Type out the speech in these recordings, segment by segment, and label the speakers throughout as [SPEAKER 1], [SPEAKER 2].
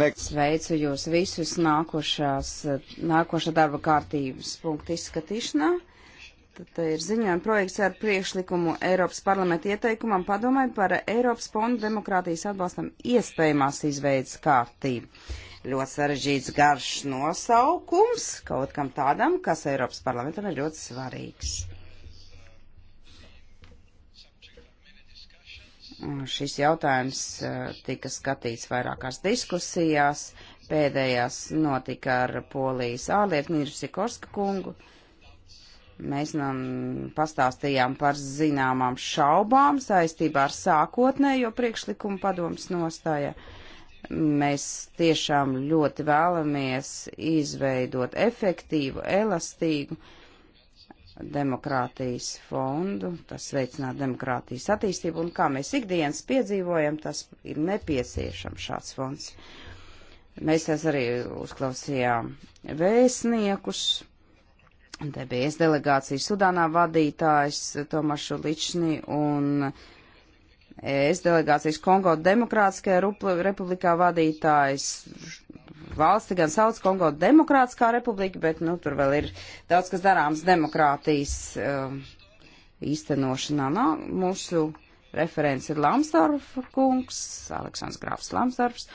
[SPEAKER 1] Next...
[SPEAKER 2] Sveicu jūs visus nākošās, nākošā darba kārtības punktu izskatīšanā. Tad eh, ir ziņojuma projekts ar priekšlikumu Eiropas parlamenta ieteikumam padomai par Eiropas fondu demokrātijas atbalstam iespējamās izveidas kārtību. Ļoti sarežģīts garš nosaukums kaut kam tādam, kas Eiropas parlamentam ir ļoti svarīgs. Šis jautājums eh, tika skatīts vairākās diskusijās, pēdējās notika ar Polijas ārlietu ministru Sikorska kungu. Mēs nam pastāstījām par zināmām šaubām saistībā ar sākotnējo priekšlikumu padomas nostāja. Mēs tiešām ļoti vēlamies izveidot efektīvu, elastīgu uh, demokrātijas fondu, tas veicinātu demokrātijas attīstību, un kā mēs ikdienas piedzīvojam, tas ir nepieciešams šāds fonds. Mēs tās arī uzklausījām vēstniekus, te bija es delegācija Sudānā vadītājs Tomašu Lični un es delegācijas Kongo Demokrātiskajā republikā vadītājs valsti gan sauc Kongo Demokrātiskā republika, bet nu, tur vēl ir daudz kas darāms demokrātijas uh, īstenošanā. Nā, mūsu referents ir Lamsdorfa kungs, Aleksandrs Grāfs Lamsdorfs.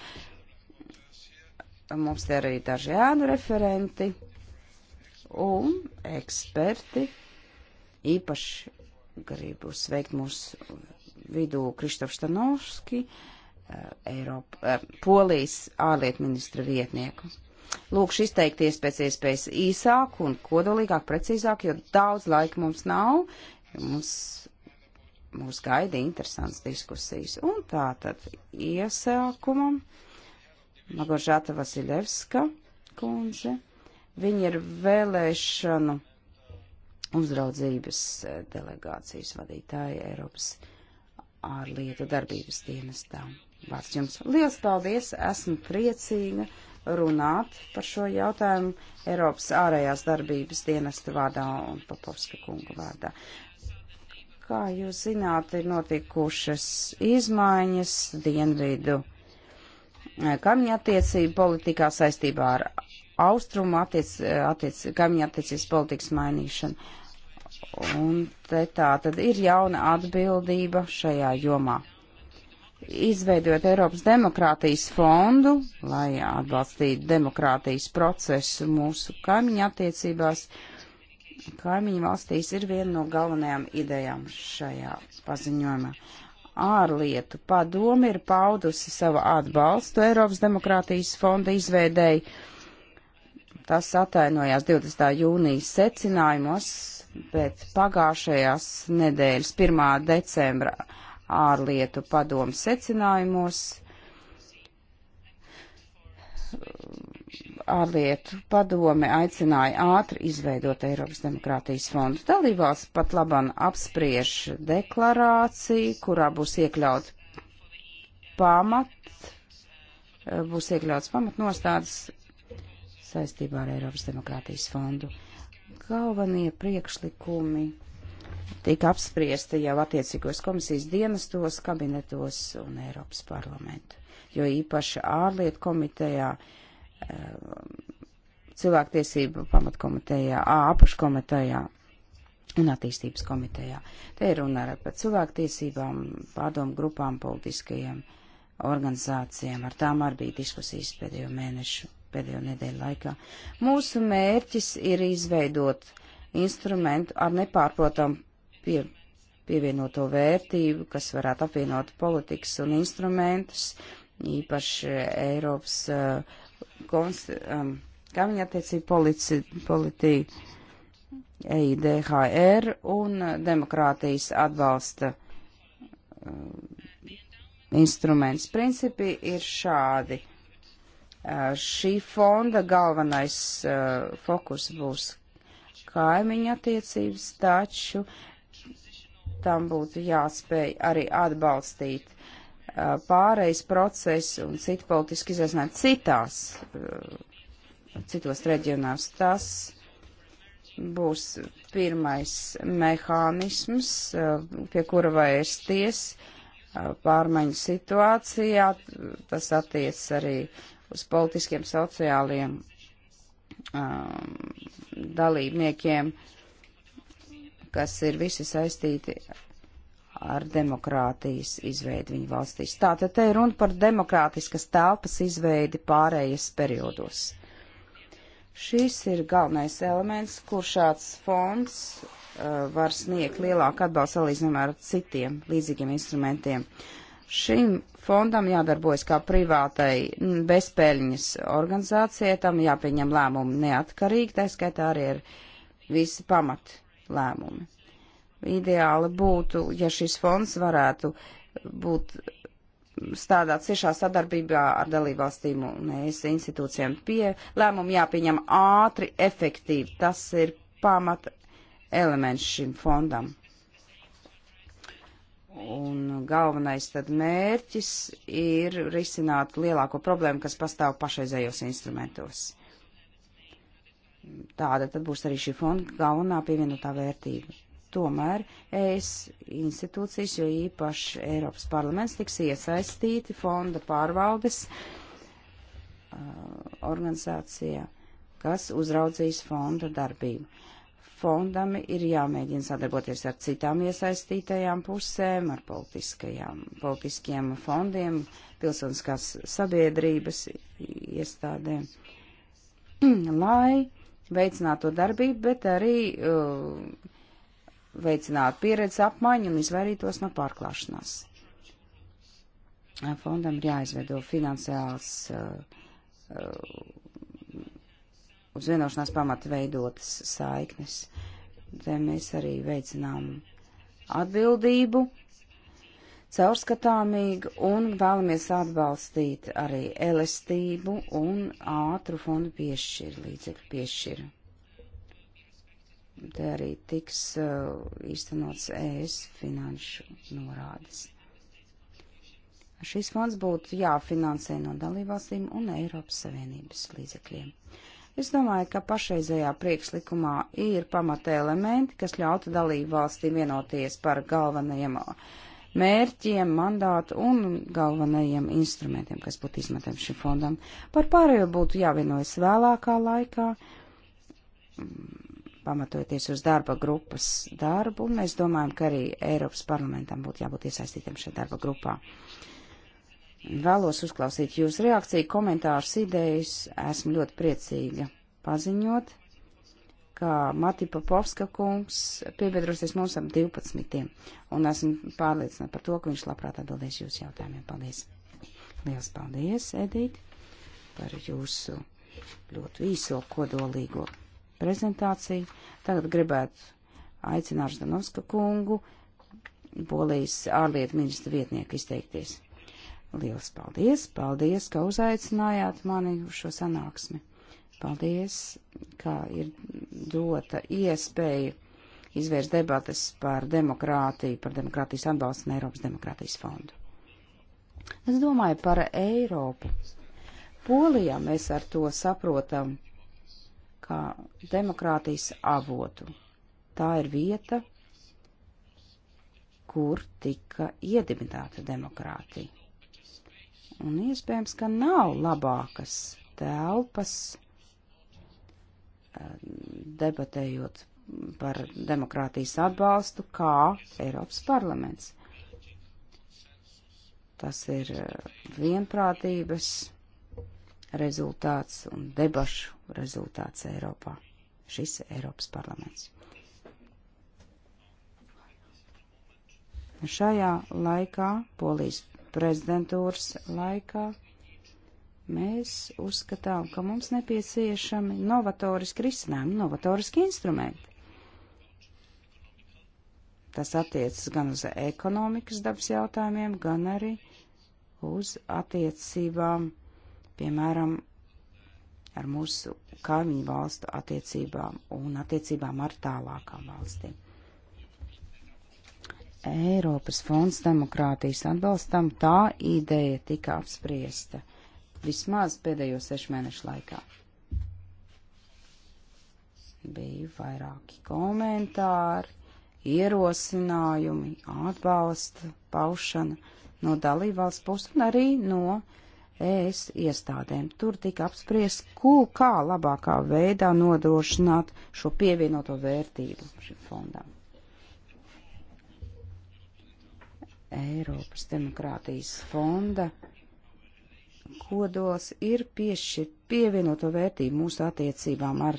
[SPEAKER 2] Mums te arī daži ēnu referenti un eksperti. Īpaši gribu sveikt mūsu vidū Kristofu Štanovski. Uh, Eh, Eiropa, eh, Polijas ārlietu ministra vietnieku. Lūkšu izteikties pēc iespējas īsāk un kodolīgāk, precīzāk, jo daudz laika mums nav. Mums, mums gaida interesants diskusijas. Un tā tad iesākumam Magoržāta Vasiljevska kundze. Viņa ir vēlēšanu uzraudzības eh, delegācijas vadītāja Eiropas ārlietu darbības dienestām. Vārds jums liels paldies, esmu priecīga runāt par šo jautājumu Eiropas ārējās darbības dienesta vārdā un Papovska kunga vārdā. Kā jūs zināt, ir notikušas izmaiņas dienvidu eh, kaimiņu attiecību politikā saistībā ar austrumu attiec, eh, attiec, kaimiņu attiecības politikas mainīšanu. Un te tā tad ir jauna atbildība šajā jomā izveidot Eiropas demokrātijas fondu, lai atbalstītu demokrātijas procesu mūsu kaimiņu attiecībās. Kaimiņu valstīs ir viena no galvenajām idejām šajā paziņojumā. Ārlietu padomi ir paudusi savu atbalstu Eiropas demokrātijas fonda izveidēji. Tas atainojās 20. jūnijas secinājumos pēc pagājušajās nedēļas 1. decembra ārlietu padomu secinājumos. Ārlietu padome aicināja ātri izveidot Eiropas demokrātijas fondu. Dalībās pat laban apspriež deklarāciju, kurā būs iekļaut pamat, būs iekļauts pamatnostādes saistībā ar Eiropas demokrātijas fondu. Galvenie priekšlikumi tika apspriesta jau attiecīgos komisijas dienestos, kabinetos un Eiropas parlamentu. Jo īpaši ārlietu komitejā, eh, cilvēktiesību pamatkomitejā, apakškomitejā un attīstības komitejā. Te ir runa arī par cilvēktiesībām, pārdomu grupām, politiskajiem organizācijām. Ar tām arī bija diskusijas pēdējo mēnešu, pēdējo nedēļu laikā. Mūsu mērķis ir izveidot instrumentu ar nepārprotamu pie, pievienoto vērtību, kas varētu apvienot politikas un instrumentus, īpaši Eiropas uh, konst, um, kaimiņa attiecību politiku, EIDHR un demokrātijas atbalsta uh, instruments. Principi ir šādi. Uh, šī fonda galvenais uh, fokus būs kaimiņa attiecības, taču tām būtu jāspēj arī atbalstīt uh, pārejas procesu un citu politisku izaicinājumu citās, uh, citos reģionās. Tas būs pirmais mehānisms, uh, pie kura vairsties uh, pārmaiņu situācijā. Tas attiec arī uz politiskiem, sociāliem um, dalībniekiem. Uh, kas ir visi saistīti ar demokrātijas izveidi viņu valstīs. Tātad te ir runa par demokrātiskas telpas izveidi pārējas periodos. Šis ir galvenais elements, kur šāds fonds uh, var sniegt lielāku atbalstu salīdzinājumā ar citiem līdzīgiem instrumentiem. Šim fondam jādarbojas kā privātai bezpēļņas organizācijai, tam jāpieņem lēmumi neatkarīgi, tā skaitā arī ir visi pamati lēmumi. Ideāli būtu, ja šis fonds varētu būt strādāt ciešā sadarbībā ar dalībvalstīm un ES institūcijām. Pie lēmumu jāpieņem ātri, efektīvi. Tas ir pamat elements šim fondam. Un galvenais tad mērķis ir risināt lielāko problēmu, kas pastāv pašreizējos instrumentos. Tāda tad būs arī šī fonda galvenā pievienotā vērtība. Tomēr ES institūcijas, jo īpaši Eiropas parlaments, tiks iesaistīti fonda pārvaldes uh, organizācijā, kas uzraudzīs fonda darbību. Fondam ir jāmēģina sadarboties ar citām iesaistītajām pusēm, ar politiskiem fondiem, pilsoniskās sabiedrības iestādēm, lai veicināt to darbību, bet arī uh, veicināt pieredzes apmaiņu un izvairītos no pārklāšanās. Fondam ir jāizveido finansiāls uh, uh, uz vienošanās pamata veidotas saiknes. Te mēs arī veicinām atbildību caurskatāmīga un vēlamies atbalstīt arī elastību un ātru fondu piešķiru, līdzekļu piešķiru. Te arī tiks uh, īstenots ES finanšu norādes. Šis fonds būtu jāfinansē no dalībvalstīm un Eiropas Savienības līdzekļiem. Es domāju, ka pašreizējā priekšlikumā ir pamata elementi, kas ļautu dalību valstīm vienoties par galvenajiem mērķiem, mandātu un galvenajiem instrumentiem, kas būtu izmetami šim fondam. Par pārējo būtu jāvienojas vēlākā laikā, mm, pamatojoties uz darba grupas darbu, un mēs domājam, ka arī Eiropas parlamentam būtu jābūt iesaistītam šajā darba grupā. Vēlos uzklausīt jūsu reakciju, komentārus, idejas. Esmu ļoti priecīga paziņot, ka Mati Popovska kungs piebiedrosies mums ap 12. Un esmu pārliecināta par to, ka viņš labprāt atbildēs jūsu jautājumiem. Paldies! Liels paldies, Edīt, par jūsu ļoti īso kodolīgo prezentāciju. Tagad gribētu aicināt Ždanovska kungu, Polijas ārlietu ministra vietnieku izteikties. Liels paldies! Paldies, ka uzaicinājāt mani uz šo sanāksmi! Paldies, kā ir dota iespēja izvērst debatas par demokrātiju, par demokrātijas atbalstu un Eiropas demokrātijas fondu. Es domāju par Eiropu. Polijā mēs ar to saprotam kā demokrātijas avotu. Tā ir vieta, kur tika iedibināta demokrātija. Un iespējams, ka nav labākas telpas debatējot par demokrātijas atbalstu kā Eiropas parlaments. Tas ir eh, vienprātības rezultāts un debašu rezultāts Eiropā. Šis Eiropas parlaments. Šajā laikā, polijas prezidentūras laikā, Mēs uzskatām, ka mums nepieciešami novatoriski risinājumi, novatoriski instrumenti. Tas attiecas gan uz ekonomikas dabas jautājumiem, gan arī uz attiecībām, piemēram, ar mūsu kaimiņu valstu attiecībām un attiecībām ar tālākām valstīm. Eiropas fonds demokrātijas atbalstam tā ideja tika apspriesta vismaz pēdējo sešu mēnešu laikā. Bija vairāki komentāri, ierosinājumi, atbalsta, paušana no dalībvalsts puses un arī no ES iestādēm. Tur tika apspriest, ko kā labākā veidā nodrošināt šo pievienoto vērtību šim fondam. Eiropas demokrātijas fonda kodols ir piešķirt pievienoto vērtību mūsu attiecībām ar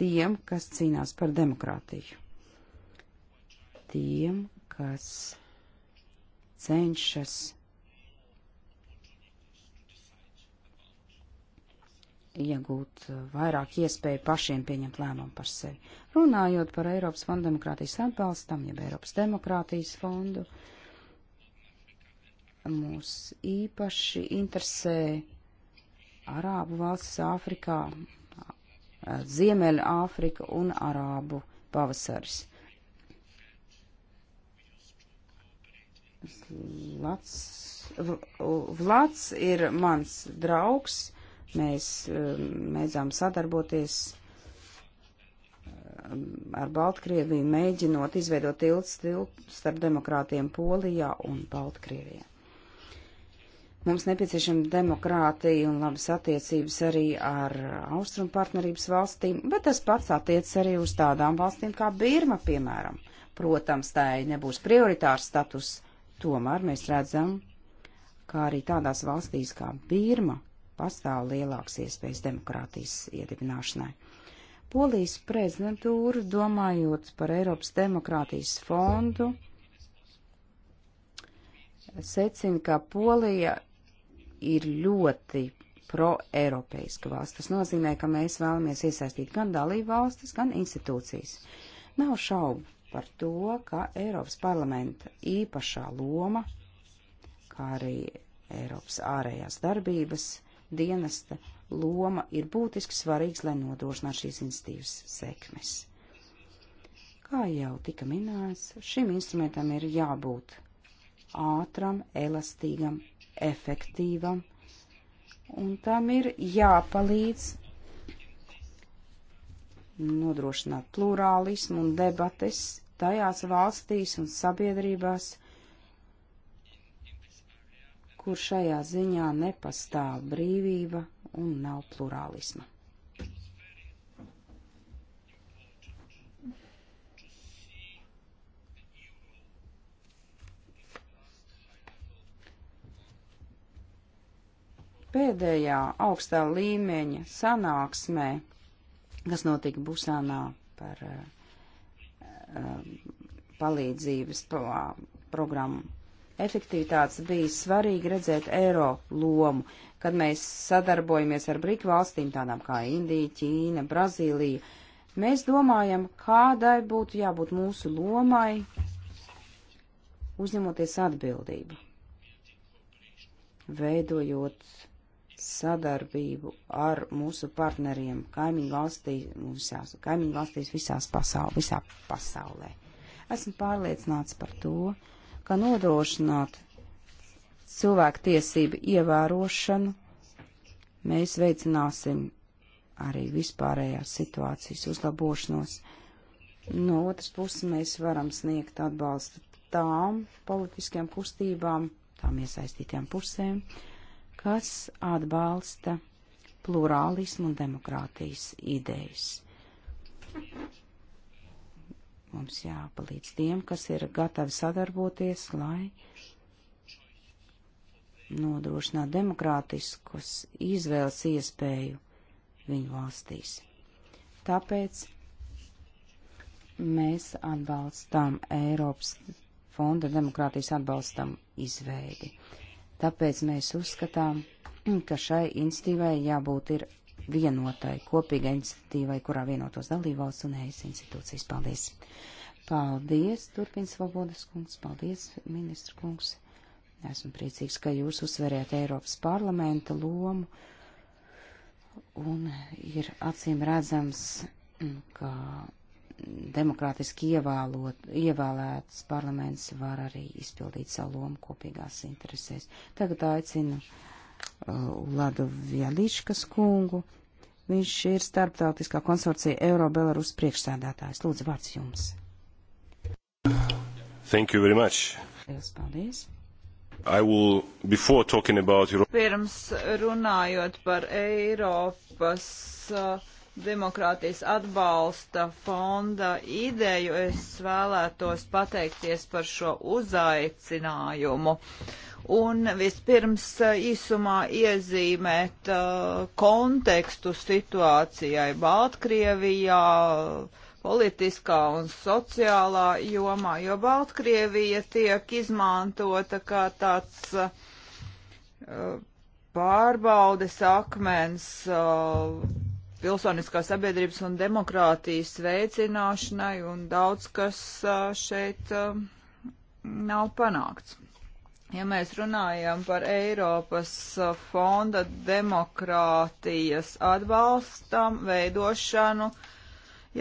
[SPEAKER 2] tiem, kas cīnās par demokrātiju. Tiem, kas cenšas iegūt vairāk iespēju pašiem pieņemt lēmumu par sevi. Runājot par Eiropas fondu demokrātijas atbalstam, jeb Eiropas demokrātijas fondu, uh, Mūs īpaši interesē Arābu valstis Āfrikā, Ziemeļa Āfrika un Arābu pavasaris. Vlads, Vlads ir mans draugs, mēs um, mēdzām sadarboties um, ar Baltkrieviju, mēģinot izveidot tiltu starp demokrātiem Polijā un Baltkrievijā. Mums nepieciešama demokrātija un labas attiecības arī ar austrumu partnerības valstīm, bet tas pats attiec arī uz tādām valstīm kā Birma, piemēram. Protams, tā nebūs prioritārs status, tomēr mēs redzam, kā arī tādās valstīs kā Birma pastāv lielāks iespējas demokrātijas iedibināšanai. Polijas prezidentūra, domājot par Eiropas demokrātijas fondu, secina, ka Polija ir ļoti pro-eiropeiska valsts. Tas nozīmē, ka mēs vēlamies iesaistīt gan dalību valstis, gan institūcijas. Nav šaubu par to, ka Eiropas parlamenta īpašā loma, kā arī Eiropas ārējās darbības dienesta loma ir būtiski svarīgs, lai nodrošinātu šīs institīvas sekmes. Kā jau tika minēts, šim instrumentam ir jābūt ātram, elastīgam efektīvam, un tam ir jāpalīdz nodrošināt plurālismu un debates tajās valstīs un sabiedrībās, kur šajā ziņā nepastāv brīvība un nav plurālisma. pēdējā augstā līmeņa sanāksmē, kas notika Busānā par eh, eh, palīdzības programmu efektivitātes, bija svarīgi redzēt eiro lomu, kad mēs sadarbojamies ar brīk valstīm tādām kā Indija, Ķīna, Brazīlija. Mēs domājam, kādai būtu jābūt mūsu lomai, uzņemoties atbildību, veidojot sadarbību ar mūsu partneriem kaimiņu valstīs, visās, kaimiņu valstīs visās pasaul, visā pasaulē. Esmu pārliecināts par to, ka nodrošināt cilvēku tiesību ievērošanu mēs veicināsim arī vispārējās situācijas uzlabošanos. No otras puses mēs varam sniegt atbalstu tām politiskajām kustībām, tām iesaistītām pusēm, uh, kas atbalsta plurālismu un demokrātijas idejas. Mums jāpalīdz tiem, kas ir gatavi sadarboties, lai nodrošinātu demokrātiskus izvēles iespēju viņu valstīs. Tāpēc mēs atbalstām Eiropas fonda demokrātijas atbalstam izveidi. Uh, Tāpēc mēs uzskatām, ka šai institīvai jābūt ir vienotai, kopīgai institīvai, kurā vienotos dalībvalsts un ES institūcijas. Paldies! Paldies, turpina Svobodas kungs, paldies, ministra kungs. Esmu priecīgs, ka jūs uzsverējat Eiropas parlamenta lomu un ir acīm redzams, ka demokrātiski ievēlot, ievēlēts parlaments var arī izpildīt savu lomu kopīgās interesēs. Tagad aicinu uh, Ladu Vjališkas kungu. Viņš ir starptautiskā konsorcija Euro-Belarus priekšsēdētājs. Lūdzu, vārds jums.
[SPEAKER 1] Thank you very much.
[SPEAKER 2] Lielas paldies.
[SPEAKER 3] Will, Pirms runājot par Eiropas uh, demokrātijas atbalsta fonda ideju, es vēlētos pateikties par šo uzaicinājumu. Un vispirms eh, īsumā iezīmēt uh, kontekstu situācijai Baltkrievijā, politiskā un sociālā jomā, jo Baltkrievija tiek izmantota kā tāds uh, pārbaudes akmens uh, pilsoniskās sabiedrības un demokrātijas veicināšanai, un daudz kas šeit nav panākts. Ja mēs runājam par Eiropas fonda demokrātijas atbalstam, veidošanu,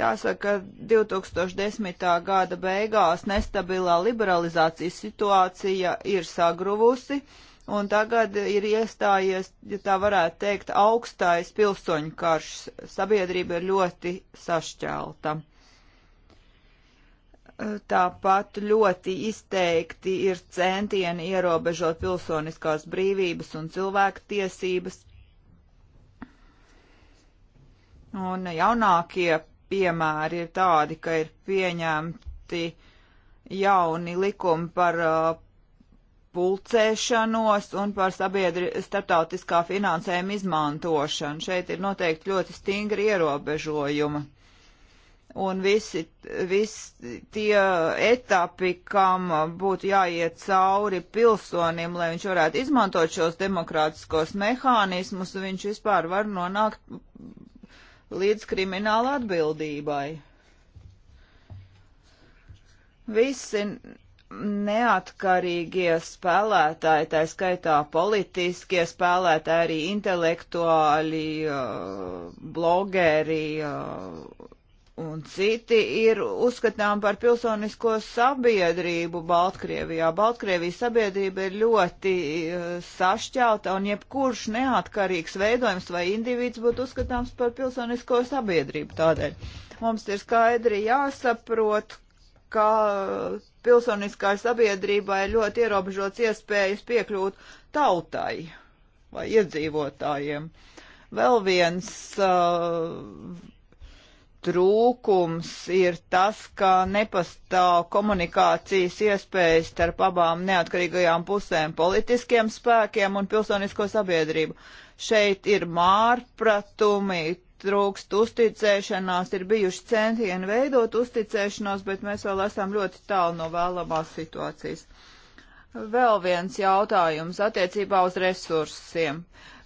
[SPEAKER 3] jāsaka, 2010. gada beigās nestabilā liberalizācijas situācija ir sagruvusi. Uh, un tagad ir iestājies, ja tā varētu teikt, augstais pilsoņu karš. Sabiedrība ir ļoti sašķelta. Tāpat ļoti izteikti ir centieni ierobežot pilsoniskās brīvības un cilvēku tiesības. Un jaunākie piemēri ir tādi, ka ir pieņemti jauni likumi par uh, pulcēšanos un par sabiedri starptautiskā finansējuma izmantošanu. Šeit ir noteikti ļoti stingri ierobežojumi. Un visi, visi tie etapi, kam būtu jāiet cauri pilsonim, lai viņš varētu izmantot šos demokrātiskos mehānismus, viņš vispār var nonākt līdz krimināla atbildībai. Visi neatkarīgie spēlētāji, tā skaitā politiskie spēlētāji, arī intelektuāļi, uh, blogeri uh, un citi ir uzskatām par pilsonisko sabiedrību Baltkrievijā. Baltkrievijas sabiedrība ir ļoti uh, sašķelta un jebkurš neatkarīgs veidojums vai individs būtu uzskatāms par pilsonisko sabiedrību tādēļ. Mums ir skaidri jāsaprot, ka pilsoniskai sabiedrībai ir ļoti ierobežots iespējas piekļūt tautai vai iedzīvotājiem. Vēl viens uh, trūkums ir tas, ka nepastāv komunikācijas iespējas starp abām neatkarīgajām pusēm - politiskiem spēkiem un pilsonisko sabiedrību. Šeit ir mārpratumi, trūkst uzticēšanās, ir bijuši centieni veidot uzticēšanos, bet mēs vēl esam ļoti tālu no vēlamās situācijas. Vēl viens jautājums attiecībā uz resursiem.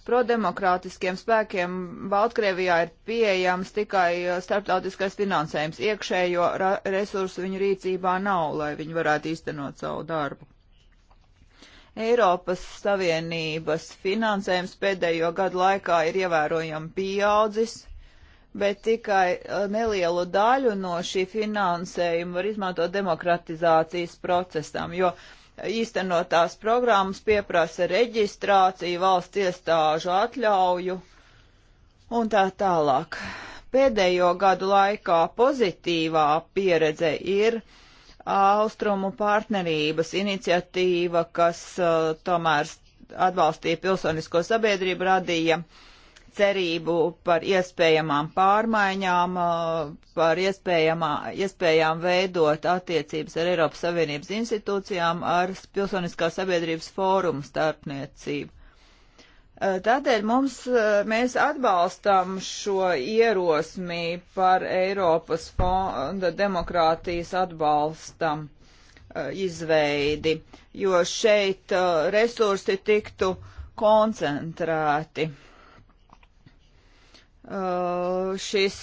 [SPEAKER 3] Prodemokrātiskiem spēkiem Baltkrievijā ir pieejams tikai uh, starptautiskais finansējums. Iekšējo resursu viņu rīcībā nav, lai viņi varētu īstenot savu darbu. Eiropas Savienības finansējums pēdējo gadu laikā ir ievērojami pieaudzis, bet tikai e, nelielu daļu no šī finansējuma var izmantot demokratizācijas procesam, jo īstenotās programmas pieprasa reģistrāciju, valsts iestāžu atļauju un tā tālāk. Pēdējo gadu laikā pozitīvā pieredze ir uh, Austrumu partnerības iniciatīva, kas uh, tomēr atbalstīja pilsonisko sabiedrību, radīja cerību par iespējamām pārmaiņām, uh, par iespējām veidot attiecības ar Eiropas Savienības institūcijām, ar pilsoniskā sabiedrības fórumu starpniecību. Eh, tādēļ mums, eh, mēs atbalstam šo ierosmi par Eiropas fonda demokrātijas atbalstam eh, izveidi, jo šeit resursi tiktu koncentrēti. Šis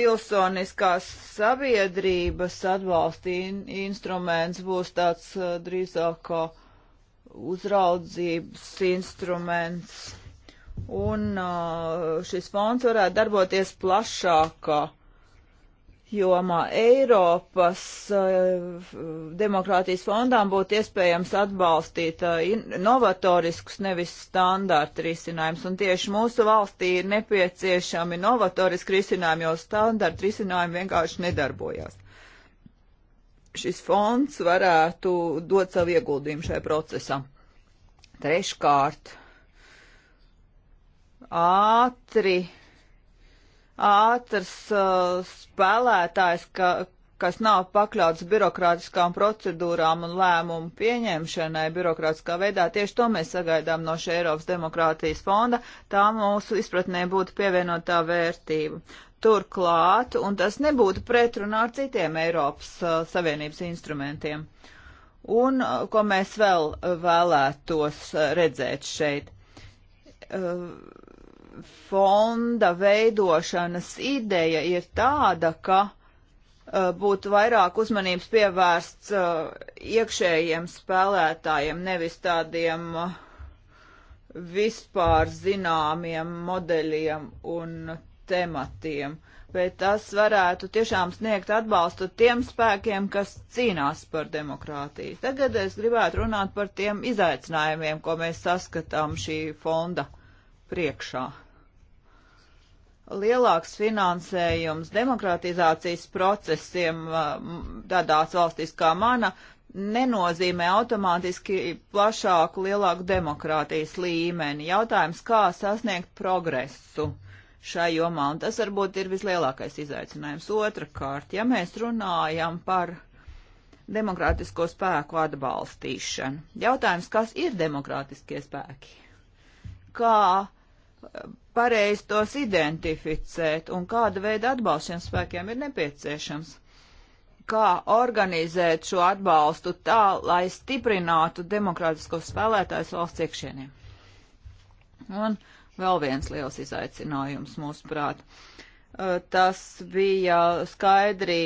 [SPEAKER 3] pilsoniskās sabiedrības atbalsta instruments būs tāds drīzāk kā uzraudzības instruments, un uh, šis fonds varētu darboties plašākā jomā Eiropas uh, demokrātijas fondām būtu iespējams atbalstīt uh, novatoriskus, nevis standārta risinājumus. Un tieši mūsu valstī ir nepieciešami novatoriski risinājumi, jo standārta risinājumi vienkārši nedarbojās šis fonds varētu dot savu ieguldījumu šajā procesā. Treškārt, ātri, ātrs uh, spēlētājs, ka, kas nav pakļauts birokrātiskām procedūrām un lēmumu pieņemšanai birokrātiskā veidā, tieši to mēs sagaidām no šī Eiropas demokrātijas fonda, tā mūsu izpratnē būtu pievienotā vērtība turklāt, un tas nebūtu pretrunā ar citiem Eiropas uh, Savienības instrumentiem. Un uh, ko mēs vēl vēlētos uh, redzēt šeit? Uh, fonda veidošanas ideja ir tāda, ka uh, būtu vairāk uzmanības pievērsts uh, iekšējiem spēlētājiem, nevis tādiem vispār zināmiem modeļiem un tematiem, bet tas varētu tiešām sniegt atbalstu tiem spēkiem, kas cīnās par demokrātiju. Tagad es gribētu runāt par tiem izaicinājumiem, ko mēs saskatām šī fonda priekšā. Lielāks finansējums demokratizācijas procesiem uh, tādās valstīs kā mana nenozīmē automātiski plašāku, lielāku demokrātijas līmeni. Jautājums, kā sasniegt progresu šai jomā, un tas varbūt ir vislielākais izaicinājums. Otrakārt, ja mēs runājam par demokrātisko spēku atbalstīšanu, jautājums, kas ir demokrātiskie spēki? Kā eh, pareizi tos identificēt un kāda veida atbalsts spēkiem ir nepieciešams? Kā organizēt šo atbalstu tā, lai stiprinātu demokrātiskos spēlētājus valsts iekšieniem? Un uh, vēl viens liels izaicinājums mūsuprāt. Tas bija skaidri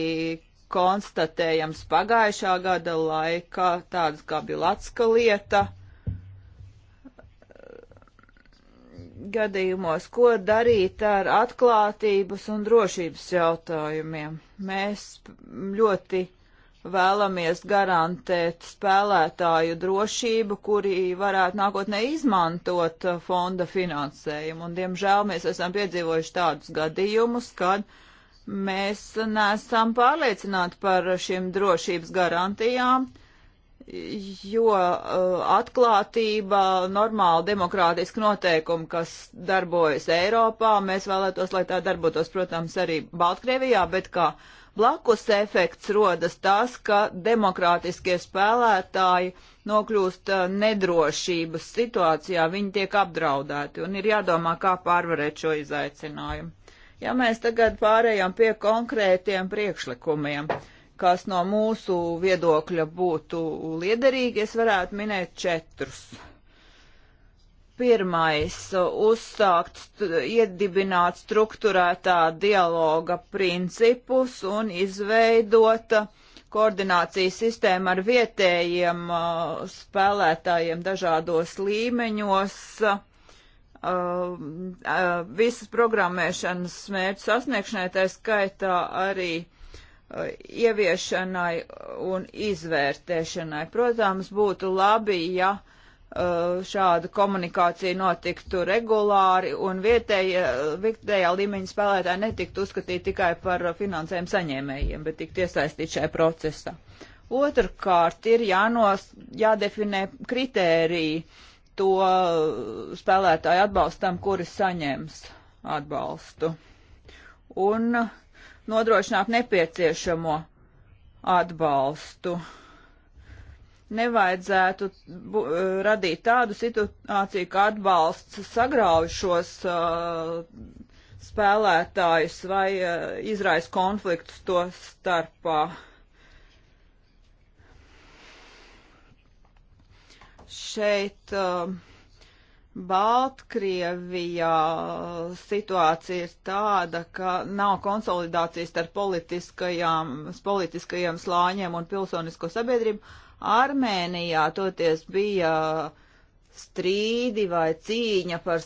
[SPEAKER 3] konstatējams pagājušā gada laikā, tādas kā Bilatska lieta gadījumos, ko darīt ar atklātības un drošības jautājumiem. Mēs ļoti vēlamies garantēt spēlētāju drošību, kuri varētu nākotnē izmantot fonda finansējumu. Un, diemžēl, mēs esam piedzīvojuši tādus gadījumus, kad mēs nesam pārliecināti par šīm drošības garantijām, jo uh, atklātība, normāla demokrātiska noteikuma, kas darbojas Eiropā, mēs vēlētos, lai tā darbotos, protams, arī Baltkrievijā, bet kā uh, Blakus efekts rodas tas, ka demokrātiskie spēlētāji nokļūst uh, nedrošības situācijā, viņi tiek apdraudēti un ir jādomā, kā pārvarēt šo izaicinājumu. Ja mēs tagad pārējām pie konkrētiem priekšlikumiem, kas no mūsu viedokļa būtu liederīgi, es varētu minēt četrus. Pirmais uh, - uzsākt, st iedibināt struktūrētā dialoga principus un izveidot uh, koordinācijas sistēmu ar vietējiem uh, spēlētājiem dažādos līmeņos. Uh, Uh, uh, visas programmēšanas mērķu sasniegšanai, tā skaitā arī uh, ieviešanai un izvērtēšanai. Protams, būtu labi, ja Uh, šāda komunikācija notiktu regulāri un vietēja, vietējā līmeņa spēlētāji netiktu uzskatīti tikai par finansējumu saņēmējiem, bet tiktu iesaistīti šajā procesā. Otrkārt ir jānos, jādefinē kritēriji to spēlētāju atbalstam, kuri saņems atbalstu. Un nodrošināt nepieciešamo atbalstu. Uh, nevajadzētu bu, eh, radīt tādu situāciju, ka atbalsts sagrauj šos uh, spēlētājus vai uh, izraisa konfliktus to starpā. Šeit uh, Baltkrievijā situācija ir tāda, ka nav konsolidācijas starp politiskajām, politiskajiem slāņiem un pilsonisko sabiedrību Armēnijā toties bija strīdi vai cīņa par,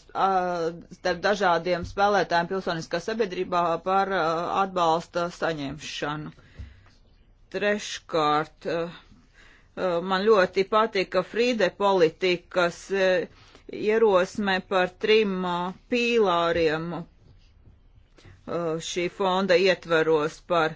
[SPEAKER 3] starp dažādiem spēlētājiem pilsoniskā sabiedrībā par atbalsta saņemšanu. Treškārt, man ļoti patika Frīde politikas e, ierosme par trim pīlāriem šī fonda ietveros par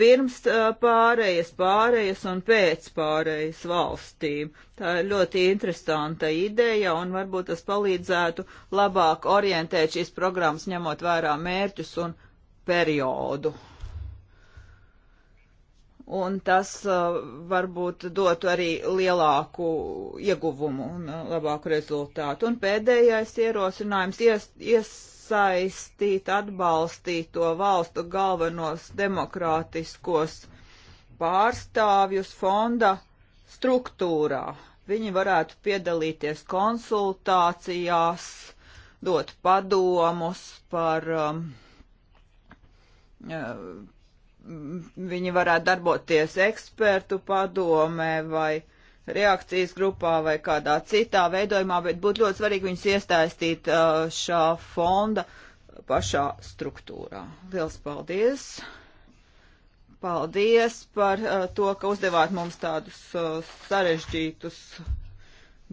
[SPEAKER 3] pirms pārējas, pārējas un pēc pārējas valstīm. Tā ir ļoti interesanta ideja un varbūt tas palīdzētu labāk orientēt šīs programmas ņemot vērā mērķus un periodu. Un tas uh, varbūt dotu arī lielāku ieguvumu un labāku rezultātu. Un pēdējais ierosinājums ies, ies iesaistīt atbalstīto valstu galvenos demokrātiskos pārstāvjus fonda struktūrā. Viņi varētu piedalīties konsultācijās, dot padomus par um, uh, viņi varētu darboties ekspertu padomē vai uh, reakcijas grupā vai kādā citā veidojumā, bet būtu ļoti svarīgi viņus iestāstīt uh, šā fonda pašā struktūrā. Liels paldies! Paldies par uh, to, ka uzdevāt mums tādus uh, sarežģītus,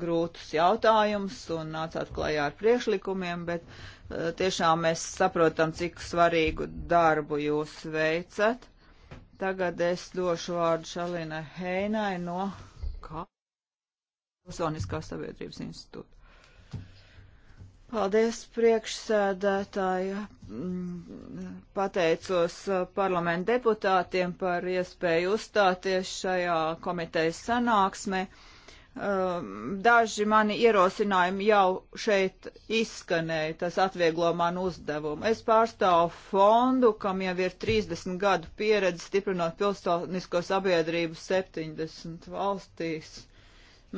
[SPEAKER 3] grūtus jautājumus un nācāt klajā ar priekšlikumiem, bet tiešām mēs saprotam, cik svarīgu darbu jūs veicat. Tagad es došu vārdu Šalinai Heinai no Pilsoniskās sabiedrības institūtu. Paldies priekšsēdētāju. Mm, pateicos uh, parlamentu deputātiem par iespēju uzstāties šajā komitejas sanāksmē. Um, daži mani ierosinājumi jau šeit izskanēja, tas atvieglo manu uzdevumu. Es pārstāvu fondu, kam jau ir 30 gadu pieredze stiprinot pilsonisko sabiedrību 70 valstīs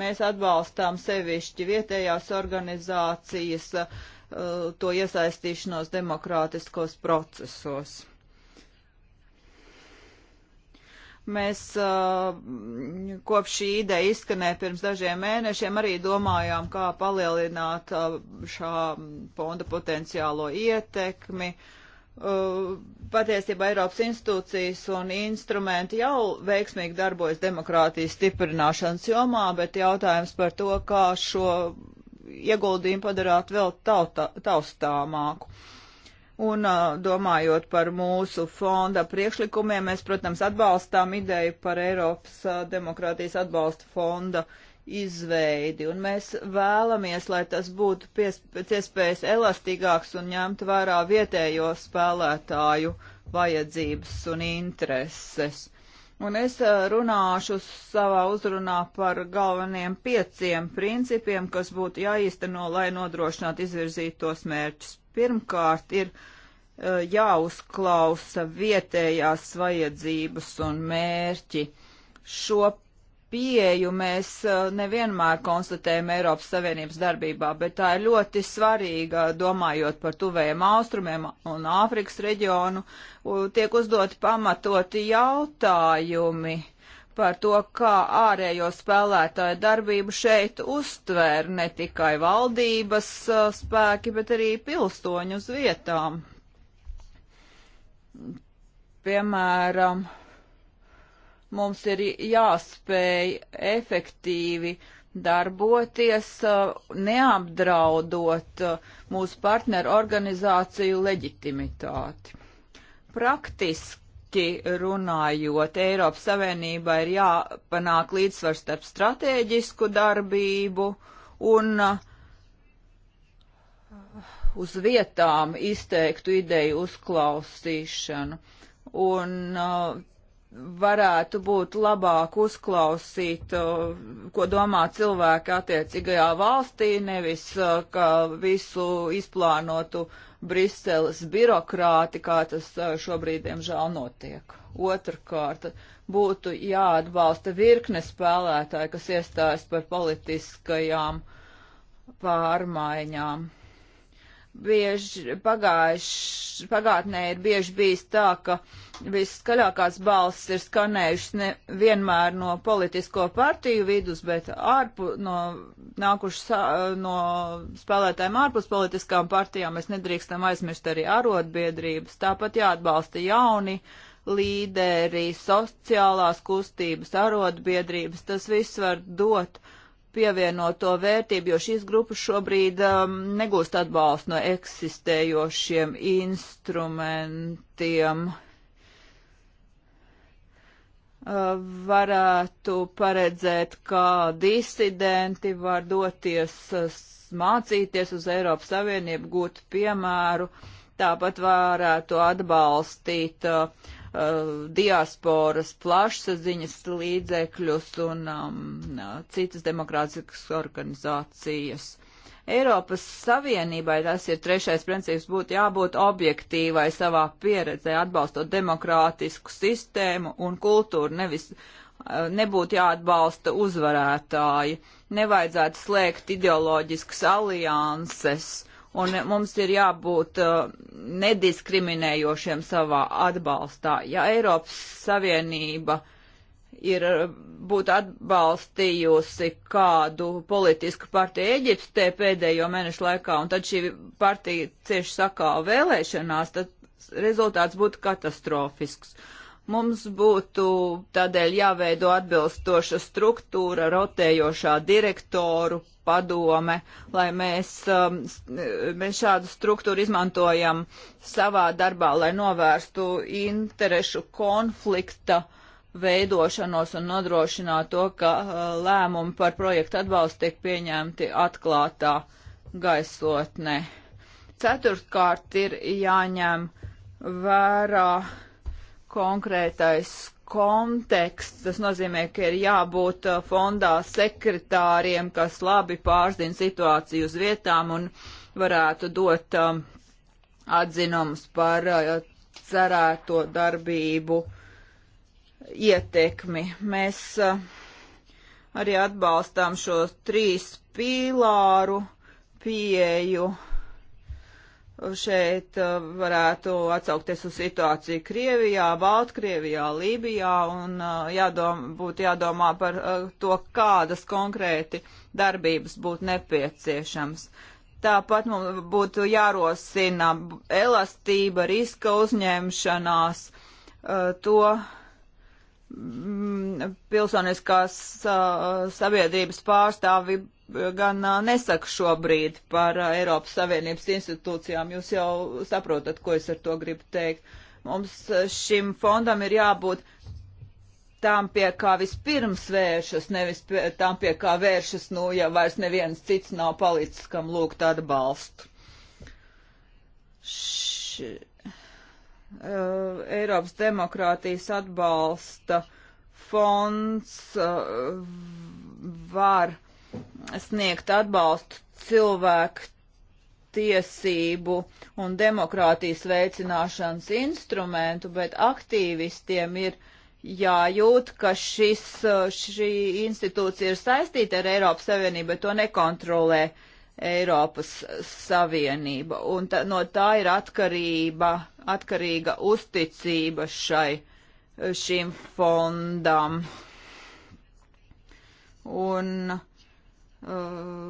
[SPEAKER 3] Mēs atbalstām sevišķi vietējās organizācijas, uh, to iesaistīšanos demokrātiskos procesos. Mēs uh, kopš šī ideja izskanēja pirms dažiem mēnešiem arī domājām, kā palielināt uh, šā fonda potenciālo ietekmi. Uh, Uh, patiesībā Eiropas institūcijas un instrumenti jau veiksmīgi darbojas demokrātijas stiprināšanas jomā, bet jautājums par to, kā šo ieguldījumu padarāt vēl tauta, taustāmāku. Un uh, domājot par mūsu fonda priekšlikumiem, mēs, protams, atbalstām ideju par Eiropas uh, demokrātijas atbalsta fonda uh, izveidi, un mēs vēlamies, lai tas būtu pies, pēc iespējas elastīgāks un ņemt vērā vietējo spēlētāju vajadzības un intereses. Un es eh, runāšu savā uzrunā par galveniem pieciem principiem, kas būtu jāīsteno, lai nodrošinātu izvirzītos mērķus. Pirmkārt ir eh, jāuzklausa vietējās vajadzības un mērķi. Šo pieeju mēs eh, nevienmēr konstatējam Eiropas Savienības darbībā, bet tā ir ļoti svarīga, domājot par tuvējiem austrumiem un Āfrikas reģionu, tiek uzdoti pamatoti jautājumi par to, kā ārējo spēlētāju darbību šeit uztver ne tikai valdības eh, spēki, bet arī pilsoņu uz vietām. Piemēram, Mums ir jāspēj efektīvi darboties, uh, neapdraudot uh, mūsu partneru organizāciju leģitimitāti. Praktiski runājot, Eiropas Savienībā ir jāpanāk līdzsvars starp stratēģisku darbību un uh, uz vietām izteiktu ideju uzklausīšanu. Un uh, varētu būt labāk uzklausīt, ko domā cilvēki attiecīgajā valstī, nevis, ka visu izplānotu Briseles birokrāti, kā tas šobrīd, diemžēl, notiek. Otrakārt, būtu jāatbalsta virkne spēlētāji, kas iestājas par politiskajām pārmaiņām bieži pagājuši, pagātnē ir bieži bijis tā, ka viskaļākās balss ir skanējušas nevienmēr no politisko partiju vidus, bet ārpu, no, nākušas no spēlētājiem ārpus politiskām partijām mēs nedrīkstam aizmirst arī arotbiedrības. Tāpat jāatbalsta jauni līderi, sociālās kustības, arotbiedrības. Tas viss var dot pievienoto vērtību, jo šīs grupas šobrīd um, negūst atbalstu no eksistējošiem instrumentiem. Uh, varētu paredzēt, kā disidenti var doties uh, mācīties uz Eiropas Savienību, gūt piemēru, tāpat varētu atbalstīt uh, Uh, diasporas plašsaziņas līdzekļus un um, uh, citas demokrātiskas organizācijas. Eiropas Savienībai tas ir trešais princips, būtu jābūt objektīvai savā pieredzē, atbalstot demokrātisku sistēmu un kultūru, nevis uh, nebūtu jāatbalsta uzvarētāji, nevajadzētu slēgt ideoloģiskas alianses un mums ir jābūt uh, nediskriminējošiem savā atbalstā. Ja Eiropas Savienība ir uh, būtu atbalstījusi kādu politisku partiju Eģiptē pēdējo mēnešu laikā, un tad šī partija cieši sakāva vēlēšanās, tad rezultāts būtu katastrofisks. Mums būtu tādēļ jāveido atbilstoša struktūra, rotējošā direktoru padome, lai mēs, um, mēs šādu struktūru izmantojam savā darbā, lai novērstu interešu konflikta veidošanos un nodrošinātu to, ka uh, lēmumi par projektu atbalstu tiek pieņemti atklātā gaisotnē. Ceturtkārt ir jāņem vērā konkrētais konteksts. Tas nozīmē, ka ir jābūt uh, fondā sekretāriem, kas labi pārzina situāciju uz vietām un varētu dot um, atzinumus par uh, cerēto darbību ietekmi. Mēs uh, arī atbalstām šo trīs pīlāru pieeju. Šeit uh, varētu atsaukties uz situāciju Krievijā, Baltkrievijā, Lībijā un uh, jādom, būtu jādomā par uh, to, kādas konkrēti darbības būtu nepieciešams. Tāpat mums būtu jārosina elastība, riska uzņemšanās, to mm, pilsoniskās sabiedrības pārstāvi gan nesaku šobrīd par Eiropas Savienības institūcijām. Jūs jau saprotat, ko es ar to gribu teikt. Mums šim fondam ir jābūt tām, pie kā vispirms vēršas, nevis pie, tām, pie kā vēršas, nu, ja vairs neviens cits nav palicis, kam lūgt atbalstu. Š... Uh, Eiropas demokrātijas atbalsta fonds uh, var sniegt atbalstu cilvēku tiesību un demokrātijas veicināšanas instrumentu, bet aktīvistiem ir jājūt, ka šis, šī institūcija ir saistīta ar Eiropas Savienību, bet to nekontrolē Eiropas Savienība. Un ta, no tā ir atkarība, atkarīga uzticība šai, šim fondam. Un uh, uh,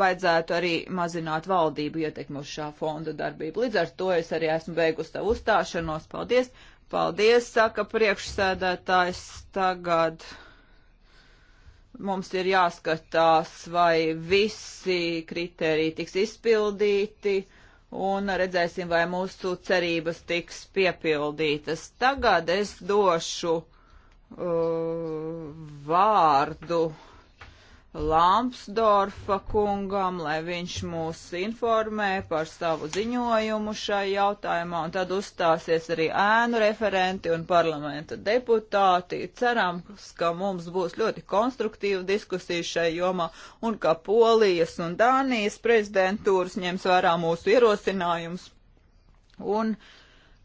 [SPEAKER 3] vajadzētu arī mazināt valdību ietekmi uz šā fonda darbību. Līdz ar to es arī esmu beigusi savu uzstāšanos. Paldies! Paldies, saka priekšsēdētājs. Tagad mums ir jāskatās, vai visi kriteriji tiks izpildīti un redzēsim, vai mūsu cerības tiks piepildītas. Tagad es došu uh, vārdu Lampsdorfa kungam, lai viņš mūs informē par savu ziņojumu šai jautājumā, un tad uzstāsies arī ēnu referenti un parlamenta deputāti. Cerams, ka mums būs ļoti konstruktīva diskusija šai jomā, un ka Polijas un Dānijas prezidentūras ņems vērā mūsu ierosinājumus, un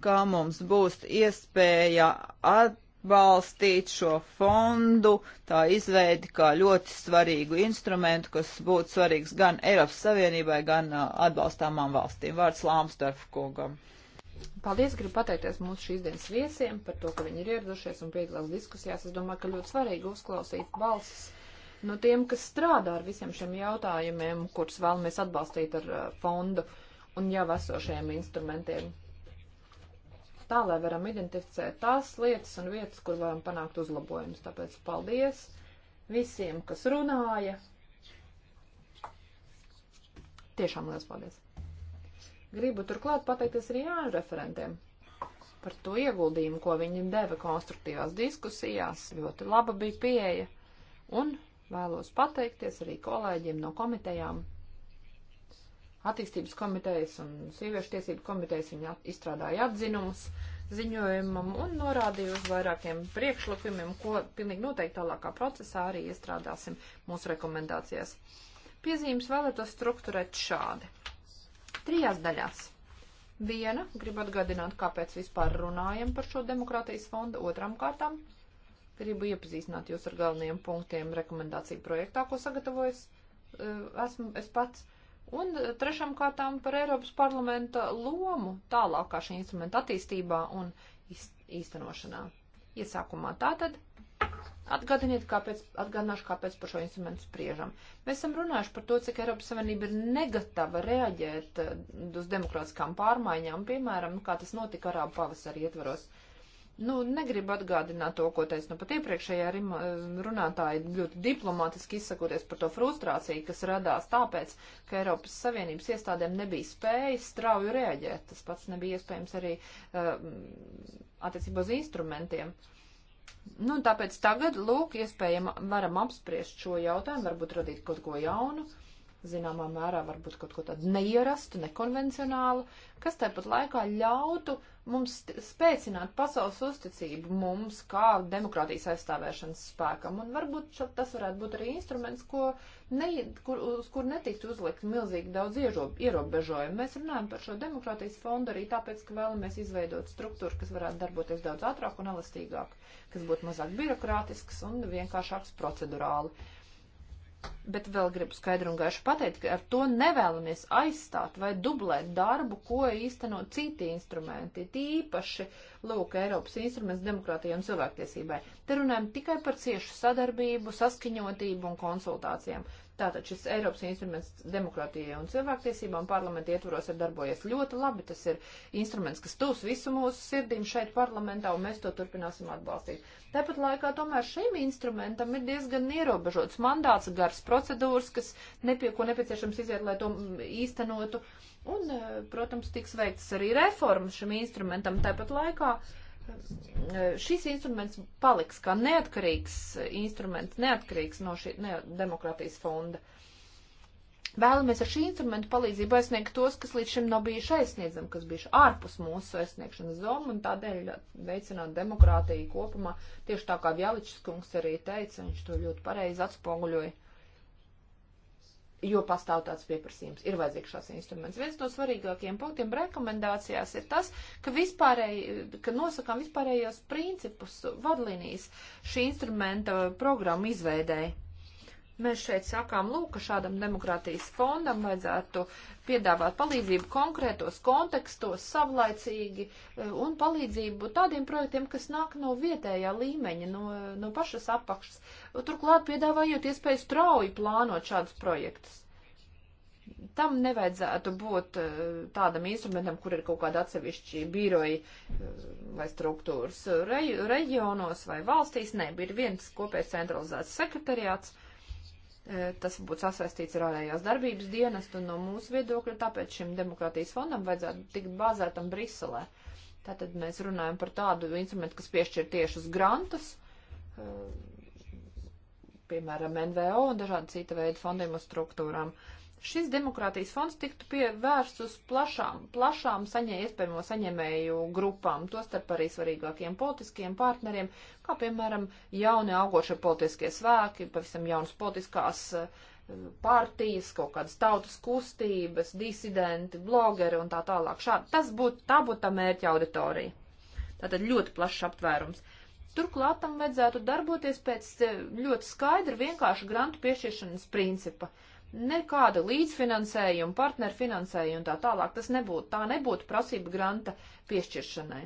[SPEAKER 3] kā mums būs iespēja at atbalstīt šo fondu, tā izveidi kā ļoti svarīgu instrumentu, kas būtu svarīgs gan Eiropas Savienībai, gan atbalstāmām valstīm. Vārds Lāmstarf kungam.
[SPEAKER 1] Paldies, gribu pateikties mūsu šīs dienas viesiem par to, ka viņi ir ieradušies un piedalās diskusijās. Es domāju, ka ļoti svarīgi uzklausīt balsis no tiem, kas strādā ar visiem šiem jautājumiem, kurus vēlamies atbalstīt ar fondu un jau esošajiem instrumentiem tā, lai varam identificēt tās lietas un vietas, kur varam panākt uzlabojumus. Tāpēc paldies visiem, kas runāja. Tiešām liels paldies. Gribu turklāt pateikties arī jāņu referentiem par to ieguldījumu, ko viņi deva konstruktīvās diskusijās. Ļoti laba bija pieeja. Un vēlos pateikties arī kolēģiem no komitejām attīstības komitejas un sieviešu tiesību komitejas viņa at, izstrādāja atzinumus ziņojumam un norādīja uz vairākiem priekšlikumiem, ko pilnīgi noteikti tālākā procesā arī iestrādāsim mūsu rekomendācijās. Piezīmes vēlētos strukturēt šādi. Trijās daļās. Viena, gribu atgādināt, kāpēc vispār runājam par šo demokrātijas fondu, otram kārtam. Gribu iepazīstināt jūs ar galvenajiem punktiem rekomendāciju projektā, ko sagatavojas eh, esmu es pats. Un eh, trešām kārtām par Eiropas parlamenta lomu tālākā šī instrumenta attīstībā un īstenošanā. Iesākumā tātad atgādiniet, kāpēc, atgādināšu, kāpēc par šo instrumentu spriežam. Mēs esam runājuši par to, cik Eiropas Savienība ir negatava reaģēt eh, uz demokrātiskām pārmaiņām, piemēram, kā tas notika arābu pavasarī ietvaros. Uh, Nu, negribu atgādināt to, ko teicu nu, pat iepriekšējā runātāja, ļoti diplomātiski izsakoties par to frustrāciju, kas radās tāpēc, ka Eiropas Savienības iestādēm nebija spējas strauju reaģēt. Tas pats nebija iespējams arī uh, attiecībā uz instrumentiem. Nu, tāpēc tagad, lūk, iespējams, varam apspriest šo jautājumu, varbūt radīt kaut ko jaunu. Uh, zināmā mērā varbūt kaut ko tādu neierastu, nekonvencionālu, kas tāpat laikā ļautu mums spēcināt pasaules uzticību mums kā demokrātijas aizstāvēšanas spēkam. Un varbūt tas varētu būt arī instruments, ko ne, kur, uz kur netiks uzlikt milzīgi daudz ierobežojumu. Mēs runājam par šo demokrātijas fondu arī tāpēc, ka vēlamies izveidot struktūru, kas varētu darboties daudz ātrāk un elastīgāk, kas būtu mazāk birokrātisks un vienkāršāks procedurāli Bet vēl gribu skaidru un gaišu pateikt, ka ar to nevēlamies aizstāt vai dublēt darbu, ko īsteno citi instrumenti, tīpaši, lūk, Eiropas instruments demokrātijai un cilvēktiesībai. Te runājam tikai par ciešu sadarbību, saskaņotību un konsultācijām. Tātad šis Eiropas instruments demokrātijai un cilvēktiesībām parlamenta ietvaros ir darbojies ļoti labi. Tas ir instruments, kas tūs visu mūsu sirdīm šeit parlamentā, un mēs to turpināsim atbalstīt. Tāpat laikā tomēr šim instrumentam ir diezgan ierobežots mandāts, gars procedūras, kas nepie, ko nepieciešams iziet, lai to īstenotu. Un, eh, protams, tiks veikts arī reformas šim instrumentam tāpat laikā. Uh, šis instruments paliks kā neatkarīgs instruments, neatkarīgs no šī ne, demokrātijas fonda. Vēlamies ar šī instrumentu palīdzību aizsniegt tos, kas līdz šim nav bijuši aizsniedzami, kas bijuši ārpus mūsu aizsniegšanas zonu un tādēļ veicināt demokrātiju kopumā. Tieši tā kā Vjaličs kungs arī teica, viņš to ļoti pareizi atspoguļoja jo pastāv tāds pieprasījums. Ir vajadzīgs šāds instruments. Viens no svarīgākajiem punktiem rekomendācijās ir tas, ka, vispārēj, ka nosakām vispārējos principus, vadlīnijas šī instrumenta programmu izveidēji. Mēs šeit sakām, lūk, ka šādam demokrātijas fondam vajadzētu piedāvāt palīdzību konkrētos kontekstos, savlaicīgi e, un palīdzību tādiem projektiem, kas nāk no vietējā līmeņa, no, no pašas apakšas. Turklāt piedāvājot iespēju strauji plānot šādus projektus. Tam nevajadzētu būt e, tādam instrumentam, kur ir kaut kāda atsevišķa biroja e, vai struktūras Re, reģionos vai valstīs. Nē, ir viens kopējs centralizēts sekretariāts E, tas būtu sasaistīts ar ārējās darbības dienestu un no mūsu viedokļa, tāpēc šim demokrātijas fondam vajadzētu tikt bāzētam Briselē. Tātad mēs runājam par tādu instrumentu, kas piešķir tiešus grantus, e, piemēram, NVO un dažādi cita veida fondiem un struktūrām. Uh, šis demokrātijas fonds tiktu pievērsts uz plašām, plašām saņē, iespējamo saņēmēju grupām, tostarp arī svarīgākiem politiskiem partneriem, kā piemēram jauni augošie politiskie svēki, pavisam jaunas politiskās eh, partijas, kaut kādas tautas kustības, disidenti, blogeri un tā tālāk. Šādi. Tas būtu, tā būtu tā mērķa auditorija. Tātad ļoti plašs aptvērums. Turklāt tam vajadzētu darboties pēc eh, ļoti skaidra, vienkārša grantu piešķiršanas principa. Uh, nekāda līdzfinansējuma, partnerfinansējuma un tā tālāk. Tas nebūtu, tā nebūtu prasība granta piešķiršanai.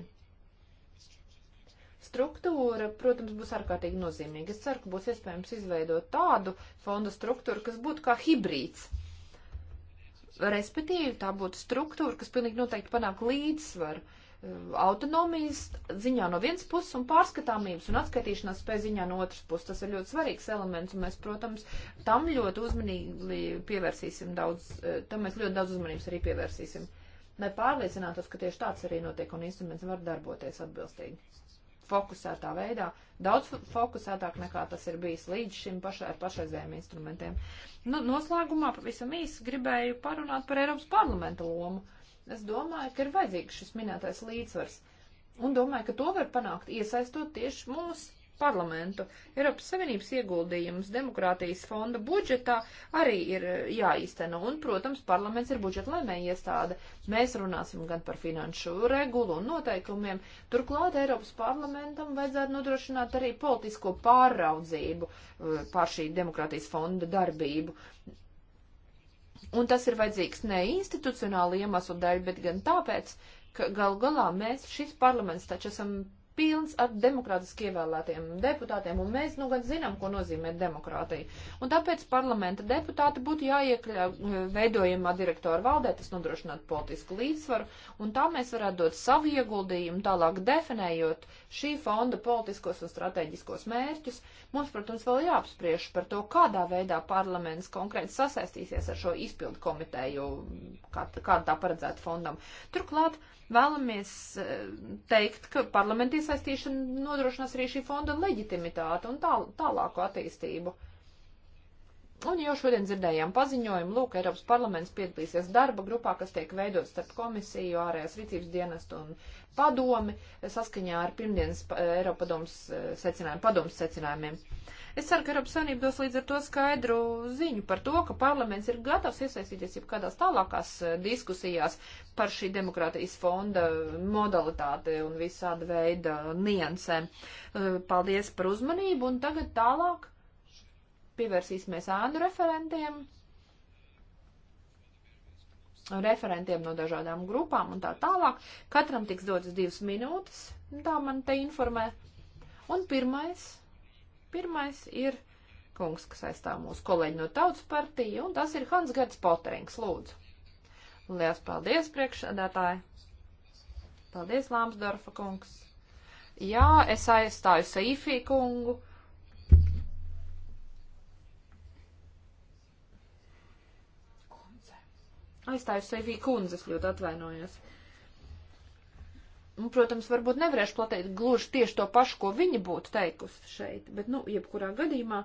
[SPEAKER 1] Struktūra, protams, būs ārkārtīgi nozīmīga. Es ceru, ka būs iespējams izveidot tādu fonda struktūru, kas būtu kā hibrīds. Respektīvi, tā būtu struktūra, kas pilnīgi noteikti panāk līdzsvaru autonomijas ziņā no vienas puses un pārskatāmības un atskaitīšanās spēja ziņā no otras puses. Tas ir ļoti svarīgs elements, un mēs, protams, tam ļoti uzmanīgi pievērsīsim daudz, eh, tam mēs ļoti daudz uzmanības arī pievērsīsim, lai pārliecinātos, ka tieši tāds arī notiek un instruments var darboties atbilstīgi. Fokusētā veidā, daudz fokusētāk nekā tas ir bijis līdz šim pašai, ar pašreizējiem instrumentiem. Nu, noslēgumā pavisam īsi gribēju parunāt par Eiropas parlamenta lomu. Uh, Es domāju, ka ir vajadzīgs šis minētais līdzsvars. Un domāju, ka to var panākt, iesaistot tieši mūsu parlamentu. Eiropas Savienības ieguldījums demokrātijas fonda budžetā arī ir eh, jāīsteno, un, protams, parlaments ir budžeta lēmēja iestāde. Mēs runāsim gan par finanšu regulu un noteikumiem, turklāt Eiropas parlamentam vajadzētu nodrošināt arī politisko pārraudzību eh, pār šī demokrātijas fonda darbību. Un tas ir vajadzīgs ne institucionāli iemeslu dēļ, bet gan tāpēc, ka gal galā mēs, šis parlaments, taču esam pilns ar demokrātiski ievēlētiem deputātiem, un mēs nu gan zinām, ko nozīmē demokrātija. Un tāpēc parlamenta deputāti būtu jāiekļauj eh, veidojumā direktora valdē, tas nodrošinātu politisku līdzsvaru, un tā mēs varētu dot savu ieguldījumu, tālāk definējot šī fonda politiskos un strateģiskos mērķus. Mums, protams, vēl jāapspriež par to, kādā veidā parlaments konkrēti sasaistīsies ar šo izpildu komiteju, kāda kā tā paredzēta fondam. Turklāt vēlamies eh, teikt, ka parlamentīs iesaistīšana nodrošinās arī šī fonda leģitimitāti un tā, tālāku attīstību. Un jau šodien dzirdējām paziņojumu, lūk, Eiropas parlaments piedalīsies darba grupā, kas tiek veidot starp komisiju, ārējās rīcības dienestu un padomi, saskaņā ar pirmdienas Eiropa padomas eh, secinājumu, padomas secinājumiem. Es ceru, ka Eiropas Savienība dos līdz ar to skaidru ziņu par to, ka parlaments ir gatavs iesaistīties jau kādās tālākās eh, diskusijās par šī demokrātijas fonda modalitāti un visāda veida niansēm. Eh, paldies par uzmanību un tagad tālāk Pievērsīsimies ānu referentiem, referentiem no dažādām grupām un tā tālāk. Katram tiks dotas divas minūtes, tā man te informē. Un pirmais, pirmais ir kungs, kas aizstāv mūsu kolēģi no tautas partija, un tas ir Hans Gerds Poterings, lūdzu. Lielas paldies, priekšsēdētāji! Paldies, Lāmsdorfa kungs! Jā, es aizstāju Saifī kungu aizstāju sevi kundzes, ļoti atvainojos. Un, nu, protams, varbūt nevarēšu pateikt gluži tieši to pašu, ko viņa būtu teikusi šeit, bet, nu, jebkurā gadījumā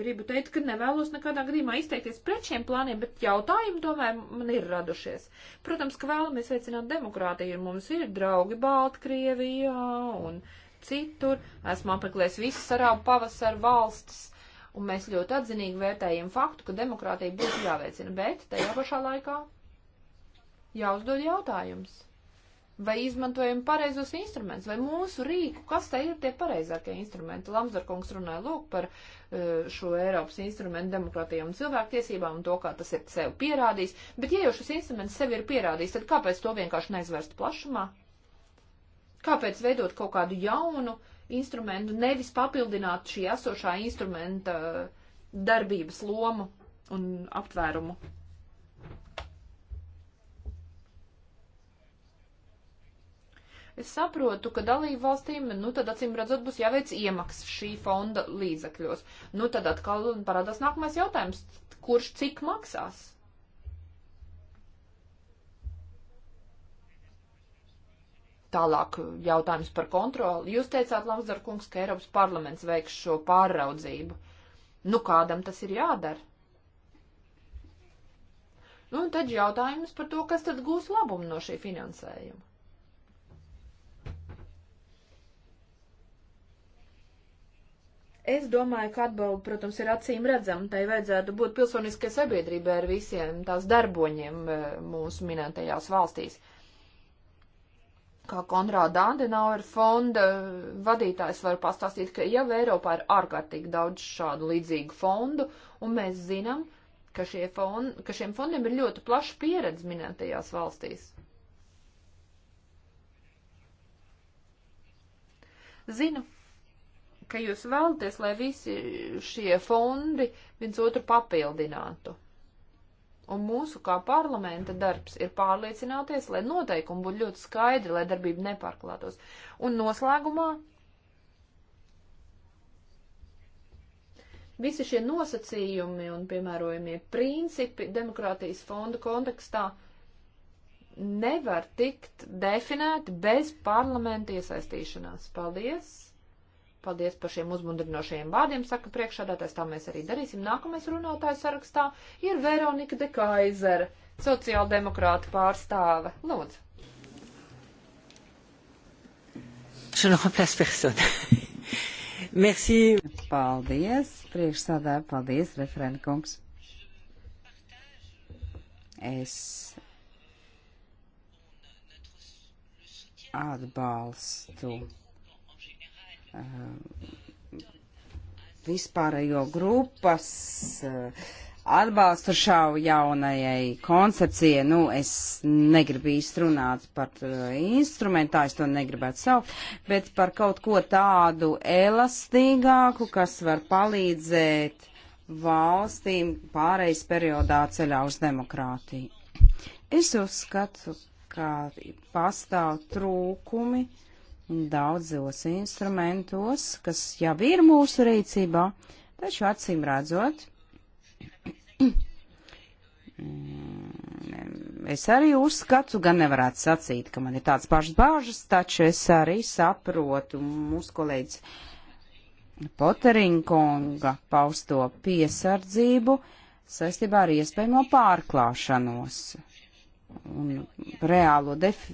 [SPEAKER 1] gribu teikt, ka nevēlos nekādā gadījumā izteikties pret šiem plāniem, bet jautājumi tomēr man ir radušies. Protams, ka vēlamies veicināt demokrātiju, un mums ir draugi Baltkrievijā un citur. Esmu apmeklējis visas arābu pavasaru valstis Un mēs ļoti atzinīgi vērtējam faktu, ka demokrātija būtu jāveicina, bet tajā pašā laikā jāuzdod jautājums. Vai izmantojam pareizos instrumentus, vai mūsu rīku, kas te ir tie pareizākie instrumenti? Lamsdarkungs runāja lūk par e, šo Eiropas instrumentu demokrātijām un cilvēktiesībām un to, kā tas ir sev pierādījis. Bet ja jau šis instruments sev ir pierādījis, tad kāpēc to vienkārši neizvērst plašumā? Kāpēc veidot kaut kādu jaunu uh, instrumentu, nevis papildināt šī esošā instrumenta uh, darbības lomu un aptvērumu. Es saprotu, ka dalību valstīm, nu, tad acīm redzot, būs jāveic iemaksas šī fonda līdzakļos. Nu, tad atkal parādās nākamais jautājums, kurš cik maksās? Tālāk uh, jautājums par kontroli. Jūs teicāt, Lamsdar kungs, ka Eiropas parlaments veiks šo pārraudzību. Nu, kādam tas ir jādara? Nu, un tad jautājums par to, kas tad gūs labumu no šī finansējuma. Es domāju, ka atbalda, protams, ir acīm redzama. Tai vajadzētu būt pilsoniskai sabiedrībai ar visiem tās darboņiem eh, mūsu minētajās valstīs. Uh, kā Konrāda Adenauer fonda vadītājs var pastāstīt, ka jau Eiropā ir ārkārtīgi daudz šādu līdzīgu fondu, un mēs zinām, ka, šie fond, ka šiem fondiem ir ļoti plaša pieredze minētajās valstīs. Zinu, ka jūs vēlaties, lai visi šie fondi viens otru papildinātu. Un mūsu kā parlamenta darbs ir pārliecināties, lai noteikumi būtu ļoti skaidri, lai darbība nepārklātos. Un noslēgumā visi šie nosacījumi un piemērojamie principi demokrātijas fonda kontekstā nevar tikt definēti bez parlamenta iesaistīšanās. Paldies! Paldies par šiem uzmundrinošajiem vārdiem, saka priekšādātais, tā mēs arī darīsim. Nākamais runātājs sarakstā ir Veronika de Kaizera, sociāldemokrāta pārstāve. Lūdzu. Je ne remplace personne. Merci.
[SPEAKER 2] Paldies, priekšsādā, paldies, referentkungs. Es atbalstu vispārējo grupas atbalstu šau jaunajai koncepcijai. Nu, es negribu īsti runāt par instrumentā, es to negribētu saukt, bet par kaut ko tādu elastīgāku, kas var palīdzēt valstīm pārejas periodā ceļā uz demokrātiju. Es uzskatu, ka pastāv trūkumi daudzos instrumentos, kas jau ir mūsu rīcībā, taču acīm redzot, es arī uzskatu, gan nevarētu sacīt, ka man ir tāds pašs bāžas, taču es arī saprotu mūsu kolēģis Poterinkonga pausto piesardzību saistībā ar iespējamo pārklāšanos un reālo defi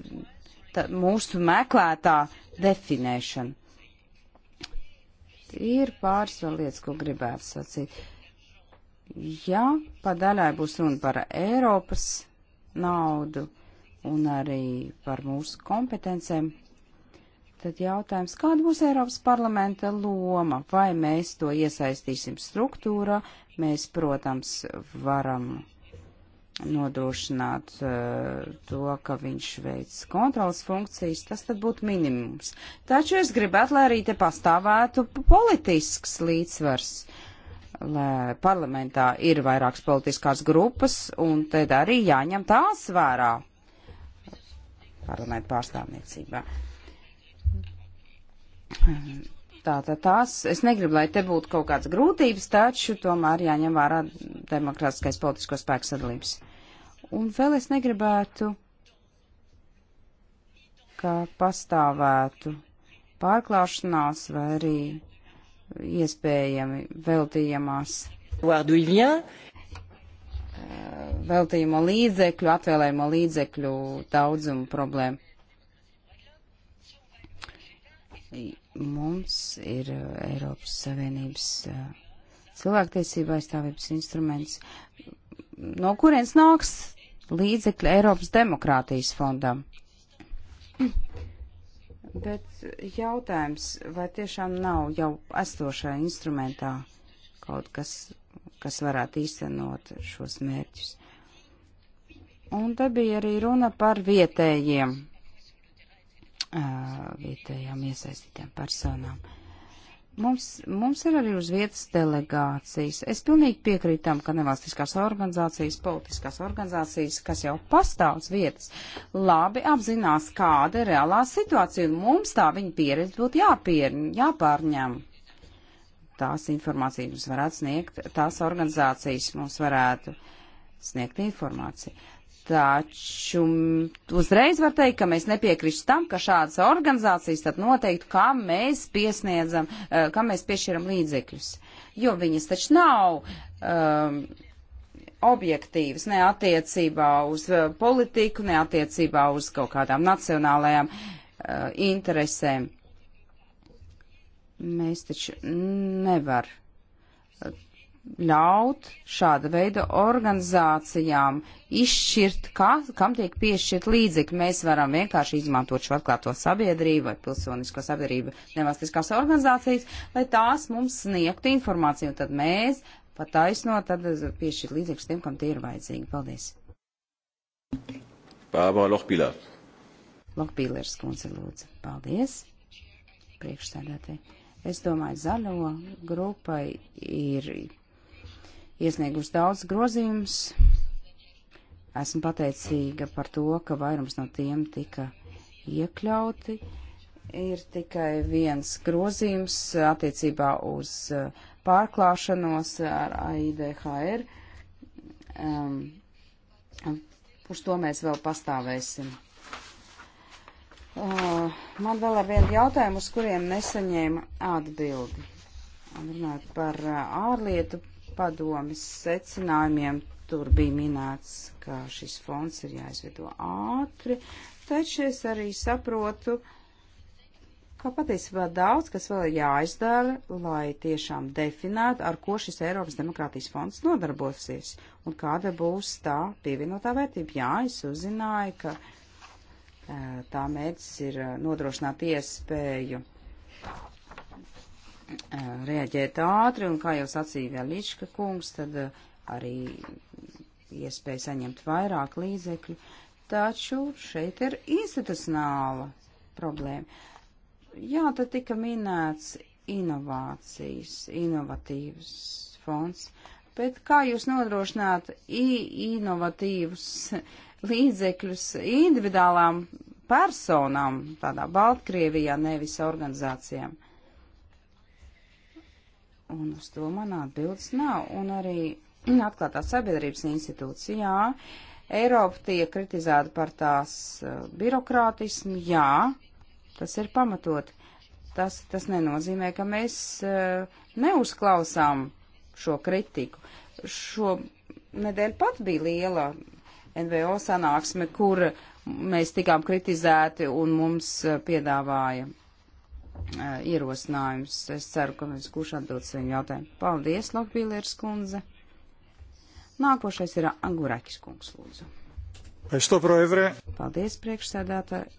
[SPEAKER 2] mūsu meklētā definēšana. Ir pāris vēl lietas, ko gribētu sacīt. Ja padaļai būs runa par Eiropas naudu un arī par mūsu kompetencēm, Tad jautājums, kāda būs Eiropas parlamenta loma? Vai mēs to iesaistīsim struktūrā? Mēs, protams, varam nodrošināt uh, to, ka viņš veic kontrolas funkcijas, tas tad būtu minimums. Taču es gribētu, lai arī te pastāvētu politisks līdzsvars. Lai parlamentā ir vairākas politiskās grupas, un tad arī jāņem tās vērā parlamentu pārstāvniecībā. Tātad tās, es negribu, lai te būtu kaut kādas grūtības, taču tomēr jāņem vērā demokrātiskais politisko spēku sadalības. Un vēl es negribētu, ka pastāvētu pārklāšanās vai arī iespējami veltījumās.
[SPEAKER 1] Eh,
[SPEAKER 2] Veltījumo līdzekļu, atvēlējumo līdzekļu daudzumu problēmu Mums ir uh, Eiropas Savienības uh, cilvēktiesība aizstāvības instruments, no kurienes nāks līdzekļi Eiropas demokrātijas fondam. Bet jautājums, vai tiešām nav jau esošajā instrumentā kaut kas, kas varētu īstenot šos mērķus? Un te bija arī runa par vietējiem vietējām iesaistītām personām. Mums, mums ir arī uz vietas delegācijas. Es pilnīgi piekrītu tam, ka nevalstiskās organizācijas, politiskās organizācijas, kas jau pastāv uz vietas, labi apzinās, kāda ir reālā situācija, un mums tā viņa pieredze būtu jāpier, jāpārņem. Tās informācijas mums varētu sniegt, tās organizācijas mums varētu sniegt informāciju. Taču uzreiz var teikt, ka mēs nepiekristam, ka šādas organizācijas tad noteikti, kā mēs piesniedzam, eh, kā mēs piešķiram līdzekļus. Jo viņas taču nav um, objektīvas ne attiecībā uz eh, politiku, ne attiecībā uz kaut kādām nacionālajām uh, interesēm. Mēs taču nevar ļaut šāda veida organizācijām izšķirt, kā, kam tiek piešķirt līdzekļi. Mēs varam vienkārši izmantot šo atklāto sabiedrību vai pilsonisko sabiedrību nevalstiskās organizācijas, lai tās mums sniegtu informāciju, un tad mēs pataisno, tad piešķirt līdzekļus tiem, kam tie ir vajadzīgi. Paldies.
[SPEAKER 3] Bāba Lohpīlā.
[SPEAKER 2] Lohpīlērs kundze lūdzu. Paldies. Priekšsēdētāji. Es domāju, zaļo grupai ir iesniegus daudz grozījumus. Esmu pateicīga par to, ka vairums no tiem tika iekļauti. Ir tikai viens grozījums attiecībā uz uh, pārklāšanos ar AIDHR. Um, uz to mēs vēl pastāvēsim. Uh, man vēl ar vienu jautājumu, uz kuriem nesaņēma atbildi. Runāt par uh, ārlietu padomis secinājumiem tur bija minēts, ka šis fonds ir jāizveido ātri, taču es arī saprotu, ka patiesībā daudz, kas vēl jāizdara, lai tiešām definētu, ar ko šis Eiropas demokrātijas fonds nodarbosies un kāda būs tā pievienotā vērtība. Jā, es uzzināju, ka eh, tā mērķis ir eh, nodrošināt iespēju Eh, reaģēt ātri, un kā jau sacīja Vēlička kungs, tad eh, arī iespēja saņemt vairāk līdzekļu, taču šeit ir institucionāla problēma. Jā, tad tika minēts inovācijas, inovatīvs fonds, bet kā jūs nodrošināt inovatīvus līdzekļus individuālām personām, tādā Baltkrievijā, nevis organizācijām? Uh, Un uz to man atbildes nav. Un arī atklātās sabiedrības institūcijā Eiropa tiek kritizēta par tās uh, birokrātismu. Jā, tas ir pamatot. Tas, tas nenozīmē, ka mēs uh, neuzklausām šo kritiku. Šo nedēļu pat bija liela NVO sanāksme, kur mēs tikām kritizēti un mums eh, piedāvāja ierosinājumus. Es ceru, ka es gūšu atbildes viņu jautājumu. Paldies, Lokbīlieris kundze. Nākošais ir Angurakis kungs, lūdzu. Es to proevrē. Paldies, priekšsēdētāji.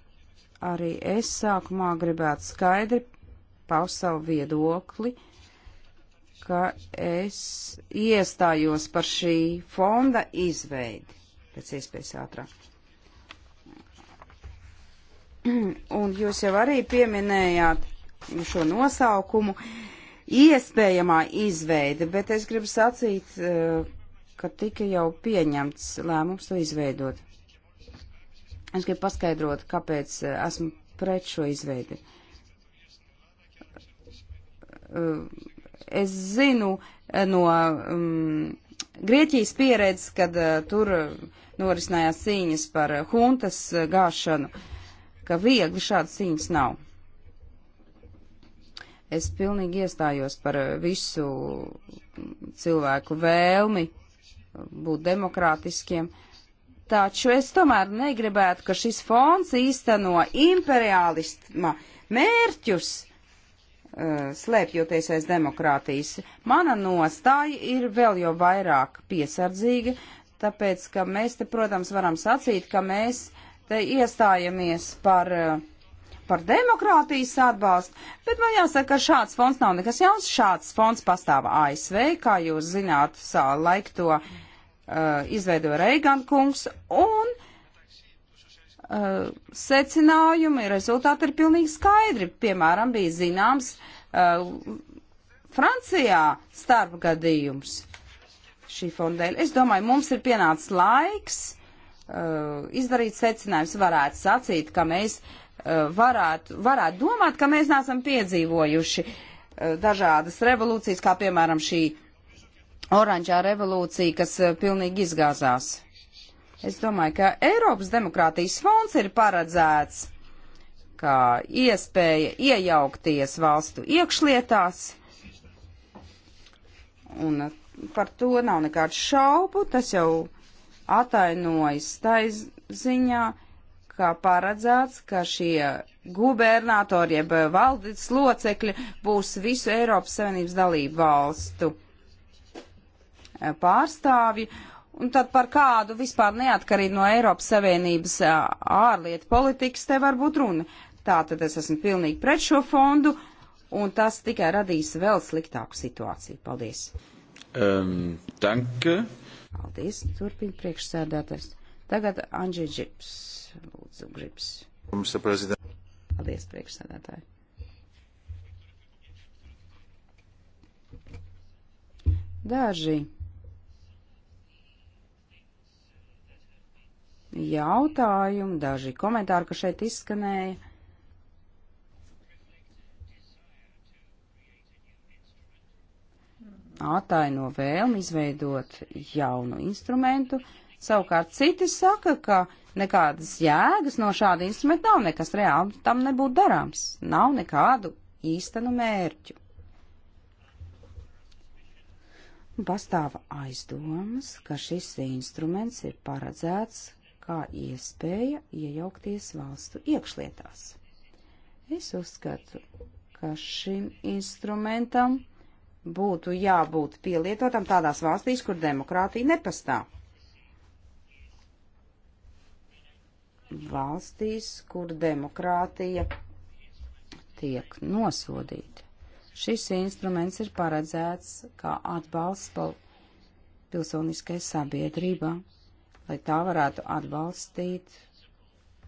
[SPEAKER 2] Arī es sākumā gribētu skaidri paust savu viedokli, ka es iestājos par šī fonda izveidi pēc iespējas ātrāk. Un jūs jau arī pieminējāt šo nosaukumu iespējamā izveide, bet es gribu sacīt, eh, ka tika jau pieņemts lēmums to izveidot. Es gribu paskaidrot, kāpēc eh, esmu pret šo izveidi. Eh, es zinu no um, Grieķijas pieredzes, kad uh, tur norisinājās cīņas par huntas gāšanu. Uh, ka viegli šādas cīņas nav. Es pilnīgi iestājos par eh, visu cilvēku vēlmi būt demokrātiskiem, taču es tomēr negribētu, ka šis fonds īsteno imperialisma mērķus, eh, slēpjoties aiz demokrātijas. Mana nostāja ir vēl jau vairāk piesardzīga, tāpēc, ka mēs te, protams, varam sacīt, ka mēs te iestājamies par, eh, par demokrātijas atbalstu, bet man jāsaka, ka šāds fonds nav nekas jauns. Šāds fonds pastāv ASV, kā jūs zināt, savu laiku to uh, izveidoja Reigan kungs, un uh, secinājumi, rezultāti ir pilnīgi skaidri. Piemēram, bija zināms uh, Francijā starpgadījums šī fonda dēļ. Es domāju, mums ir pienācis laiks Uh, izdarīt secinājums, varētu sacīt, ka mēs uh, varētu, varētu domāt, ka mēs neesam piedzīvojuši uh, dažādas revolūcijas, kā piemēram šī oranžā revolūcija, kas pilnīgi izgāzās. Es domāju, ka Eiropas demokrātijas fonds ir paredzēts kā iespēja iejaukties valstu iekšlietās, un par to nav nekādu šaubu, tas jau atainojas tais ziņā, kā paredzēts, ka šie gubernatori jeb valdes locekļi būs visu Eiropas Savienības dalību valstu e, pārstāvji. Un tad par kādu vispār neatkarību no Eiropas Savienības e, ārlietu politikas te var būt runa. Tā tad es esmu pilnīgi pret šo fondu, un tas tikai radīs vēl sliktāku situāciju. Paldies! Um, danke. Paldies, turpina priekšsēdētājs. Tagad Andži Džips, lūdzu, Grips. Paldies, priekšsēdētāji. Daži jautājumi, daži komentāri, kas šeit izskanēja ataino vēlmi izveidot jaunu instrumentu. Savukārt citi saka, ka nekādas jēgas no šāda instrumenta nav, nekas reāli tam nebūtu darāms, nav nekādu īstenu mērķu. Pastāv aizdomas, ka šis instruments ir paredzēts kā iespēja iejaukties valstu iekšlietās. Es uzskatu, ka šim instrumentam būtu jābūt pielietotam tādās valstīs, kur demokrātija nepastāv. Valstīs, kur demokrātija tiek nosodīta. Šis instruments ir paredzēts kā atbalsts pilsoniskai sabiedrībā, lai tā varētu atbalstīt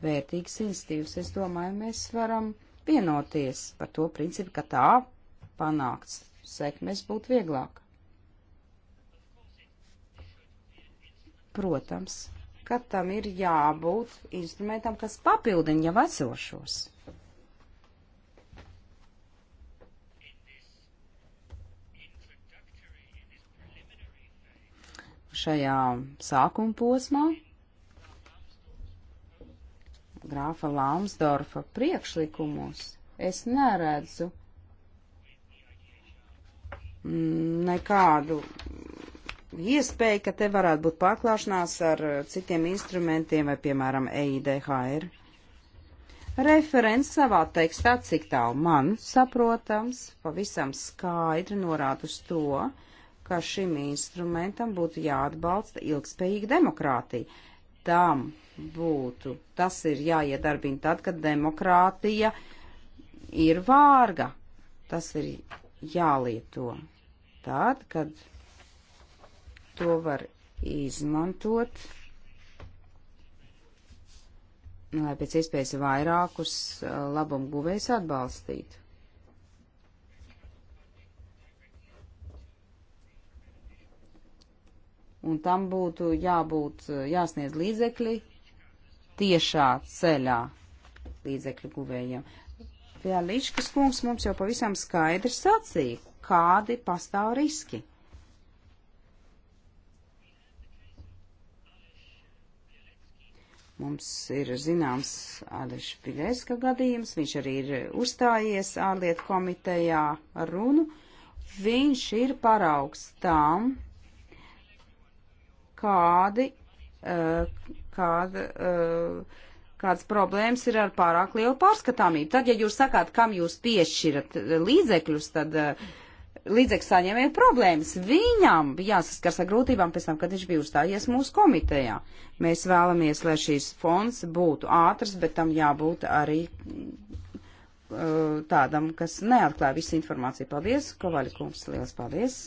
[SPEAKER 2] vērtīgas institīvas. Es domāju, mēs varam vienoties par to principu, ka tā panāks sekmes būtu vieglāk. Protams, ka tam ir jābūt instrumentam, kas papildina jau esošos. šajā sākuma posmā grāfa Lamsdorfa priekšlikumos es neredzu nekādu iespēju, ka te varētu būt pārklāšanās ar citiem instrumentiem vai, piemēram, EIDHR. Referents savā tekstā, cik tālu man saprotams, pavisam skaidri norāda uz to, ka šim instrumentam būtu jāatbalsta ilgspējīga demokrātija. Tam būtu, tas ir jāiedarbina tad, kad demokrātija ir vārga. Tas ir jālieto tad, kad to var izmantot, lai pēc iespējas vairākus labumu guvējus atbalstītu. Un tam būtu jābūt, jāsniedz līdzekļi tiešā ceļā līdzekļu guvējiem. Vēliškas kungs mums jau pavisam skaidri sacīja, kādi pastāv riski. Mums ir zināms Ādams Piļeska gadījums, viņš arī ir uzstājies ārlietu komitejā ar runu. Viņš ir paraugs tam, kādi, eh, kāda, eh, kādas problēmas ir ar pārāk lielu pārskatāmību. Tad, ja jūs sakāt, kam jūs piešķirat eh, līdzekļus, tad uh, līdzekļu saņēmēju problēmas. Viņam bija jāsaskars ar grūtībām pēc tam, kad viņš bija uzstājies mūsu komitejā. Mēs vēlamies, lai šīs fonds būtu ātrs, bet tam jābūt arī uh, tādam, kas neatklāja visu informāciju. Paldies, Kovaļa kungs, liels paldies!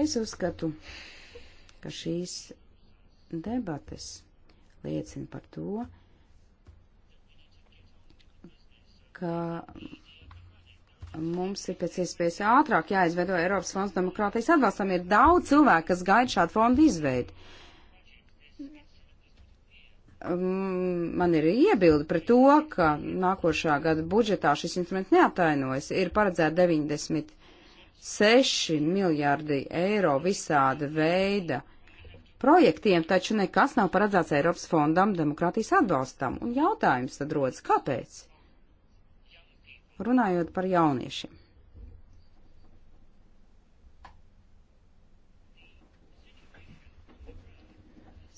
[SPEAKER 2] Es uzskatu, ka šīs debates liecina par to, ka mums ir pēc iespējas ātrāk jāizveido Eiropas fonds demokrātijas atbalstam. Ir daudz cilvēku, kas gaida šādu fondu izveidi. Um, man ir iebildi pret to, ka nākošā gada budžetā šis instruments neatainojas. Ir paredzēta 96 miljārdi eiro visāda veida projektiem, taču nekas nav paredzēts Eiropas fondam demokrātijas atbalstam. Un jautājums tad rodas, kāpēc? runājot par jauniešiem.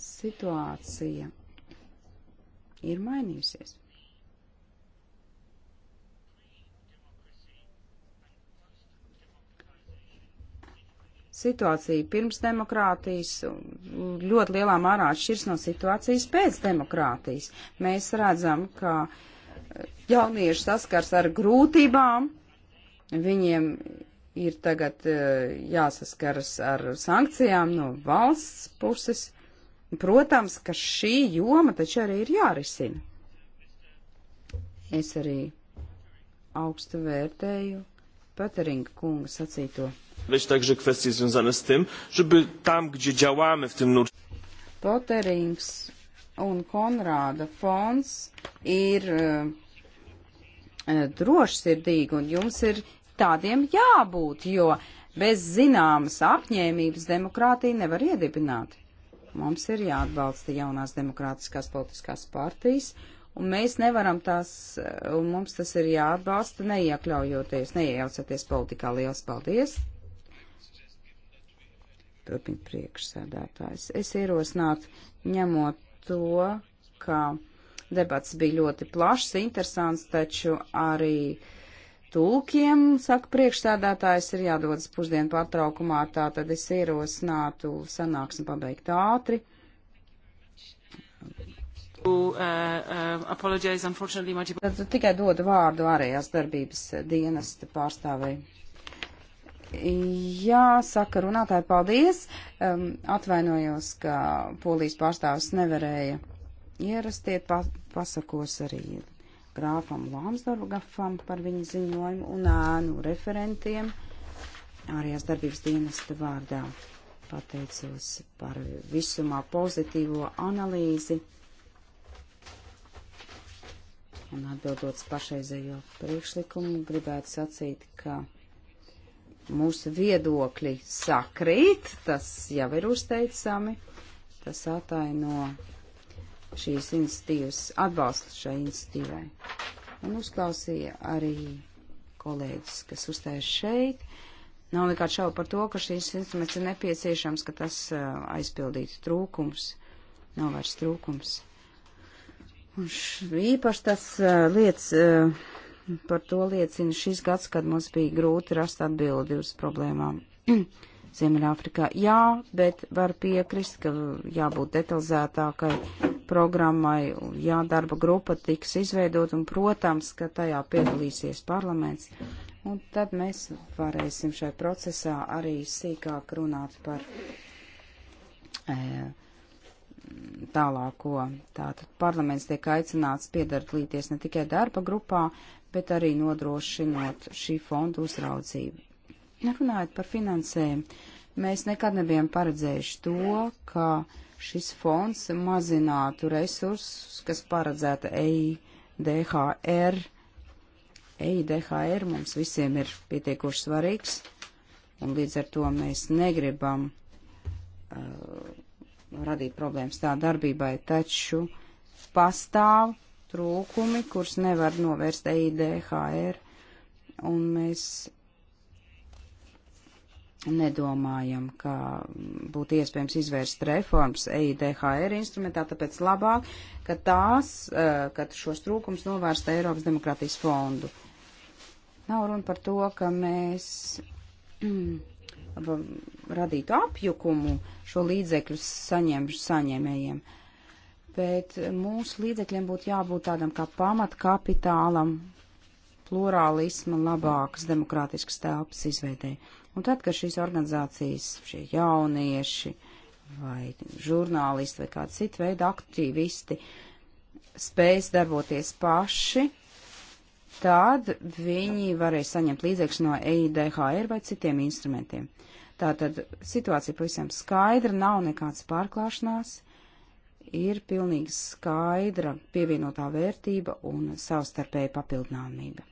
[SPEAKER 2] Situācija ir mainījusies. Situācija pirms demokrātijas ļoti lielā mērā atšķirs no situācijas pēc demokrātijas. Mēs redzam, ka uh, jaunieši saskars ar grūtībām, viņiem ir tagad eh, jāsaskaras ar sankcijām no valsts puses. Protams, ka šī joma taču arī ir jārisina. Es arī augstu vērtēju Pateringa kunga sacīto. Weź także kwestie związane z tym, żeby tam, gdzie działamy w tym nurcie. Poterings un Konrāda fonds ir uh, E, drošsirdīgi, un jums ir tādiem jābūt, jo bez zināmas apņēmības demokrātija nevar iedibināt. Mums ir jāatbalsta jaunās demokrātiskās politiskās partijas, un mēs nevaram tās, e, un mums tas ir jāatbalsta neiekļaujoties, neiejaucoties politikā. Liels paldies! Turpin priekšsēdētājs. Es ierosinātu ņemot to, ka. Kā Debats bija ļoti plašs, interesants, taču arī tulkiem, saka priekšstādātājs, ir jādodas pusdienu pārtraukumā, tā tad es ierosinātu sanāksmi pabeigt ātri.
[SPEAKER 1] Uh, uh,
[SPEAKER 2] Tad tikai dodu vārdu ārējās darbības dienesta pārstāvēji. Jā, saka runātāji, paldies. Um, atvainojos, ka polijas pārstāvis nevarēja ierasties pasakos arī grāfam Lāmsdorgafam par viņa ziņojumu un ēnu referentiem ārējās darbības dienesta vārdā. Pateicos par visumā pozitīvo analīzi un atbildot pašreizējo priekšlikumu, gribētu sacīt, ka mūsu viedokļi sakrīt, tas jau ir uzteicami, tas ataino no šīs institīvas, atbalstu šai institīvai. Un uzklausīja arī kolēģis, kas uzstājas šeit. Nav nekāds šaubu par to, ka šīs instruments ir nepieciešams, ka tas uh, aizpildītu trūkums. Nav vairs trūkums. Un š, īpaši tas uh, lietas, uh, par to liecina šis gads, kad mums bija grūti rast atbildi uz problēmām. Ziemeļāfrikā. Jā, bet var piekrist, ka jābūt detalizētākai programmai, jā, darba grupa tiks izveidot un, protams, ka tajā piedalīsies parlaments. Un tad mēs varēsim šai procesā arī sīkāk runāt par e, tālāko. Tātad parlaments tiek aicināts piedalīties ne tikai darba grupā, bet arī nodrošinot šī fonda uzraudzību. Runājot par finansējumu, mēs nekad nebijām paredzējuši to, ka šis fonds mazinātu resursus, kas paredzēta EIDHR. EIDHR mums visiem ir pietiekoši svarīgs, un līdz ar to mēs negribam uh, radīt problēmas tā darbībai, taču pastāv trūkumi, kurus nevar novērst EIDHR, un mēs nedomājam, ka būtu iespējams izvērst reformas EIDHR instrumentā, tāpēc labāk, ka tās, eh, ka šos trūkums novērsta Eiropas demokrātijas fondu. Nav runa par to, ka mēs radītu apjukumu šo līdzekļu saņem, saņēmējiem, bet mūsu līdzekļiem būtu jābūt tādam kā pamatkapitālam plurālisma labākas demokrātiskas telpas izveidēji. Un tad, kad šīs organizācijas, šie jaunieši vai žurnālisti vai kādi citi veidi aktīvisti spējas darboties paši, tad viņi varēs saņemt līdzekļus no EIDHR vai citiem instrumentiem. Tātad situācija pavisam skaidra, nav nekāds pārklāšanās, ir pilnīgi skaidra pievienotā vērtība un savstarpēja papildināmība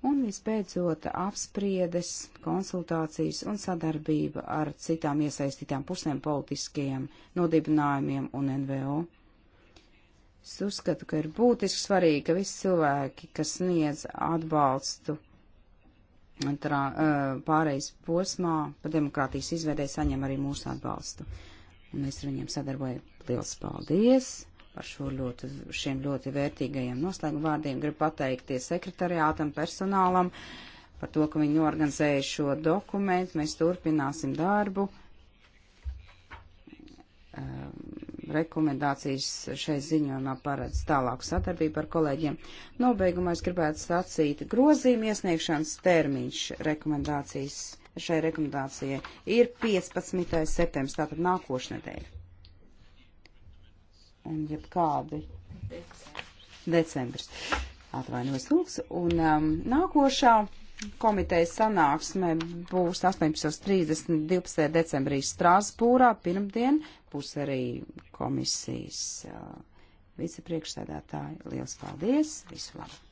[SPEAKER 2] un visbeidzot apspriedes, konsultācijas un sadarbība ar citām iesaistītām pusēm politiskajiem nodibinājumiem un NVO. Es uzskatu, ka ir būtiski svarīgi, ka visi cilvēki, kas sniedz atbalstu trā, eh, pārejas posmā pa demokrātijas izveidē, saņem arī mūsu atbalstu. Un mēs ar viņiem sadarbojam. Liels paldies! Ar šo ļoti, šiem ļoti vērtīgajiem noslēguma vārdiem gribu pateikties sekretariātam, personālam par to, ka viņi organizēja šo dokumentu. Mēs turpināsim darbu. Ehm, rekomendācijas šai ziņojumā paredz tālāku sadarbību ar kolēģiem. Nobeigumā es gribētu sacīt, grozījuma iesniegšanas termiņš rekomendācijas šai rekomendācijai ir 15. septembris, tātad nākošnedēļ un jebkādi decembris. Atvainojos lūks. Un um, nākošā komitejas sanāksme būs 18.30. 12. decembrī Strasbūrā. Pirmdien būs arī komisijas uh, vicepriekšsēdētāji. Liels paldies! Visu labu!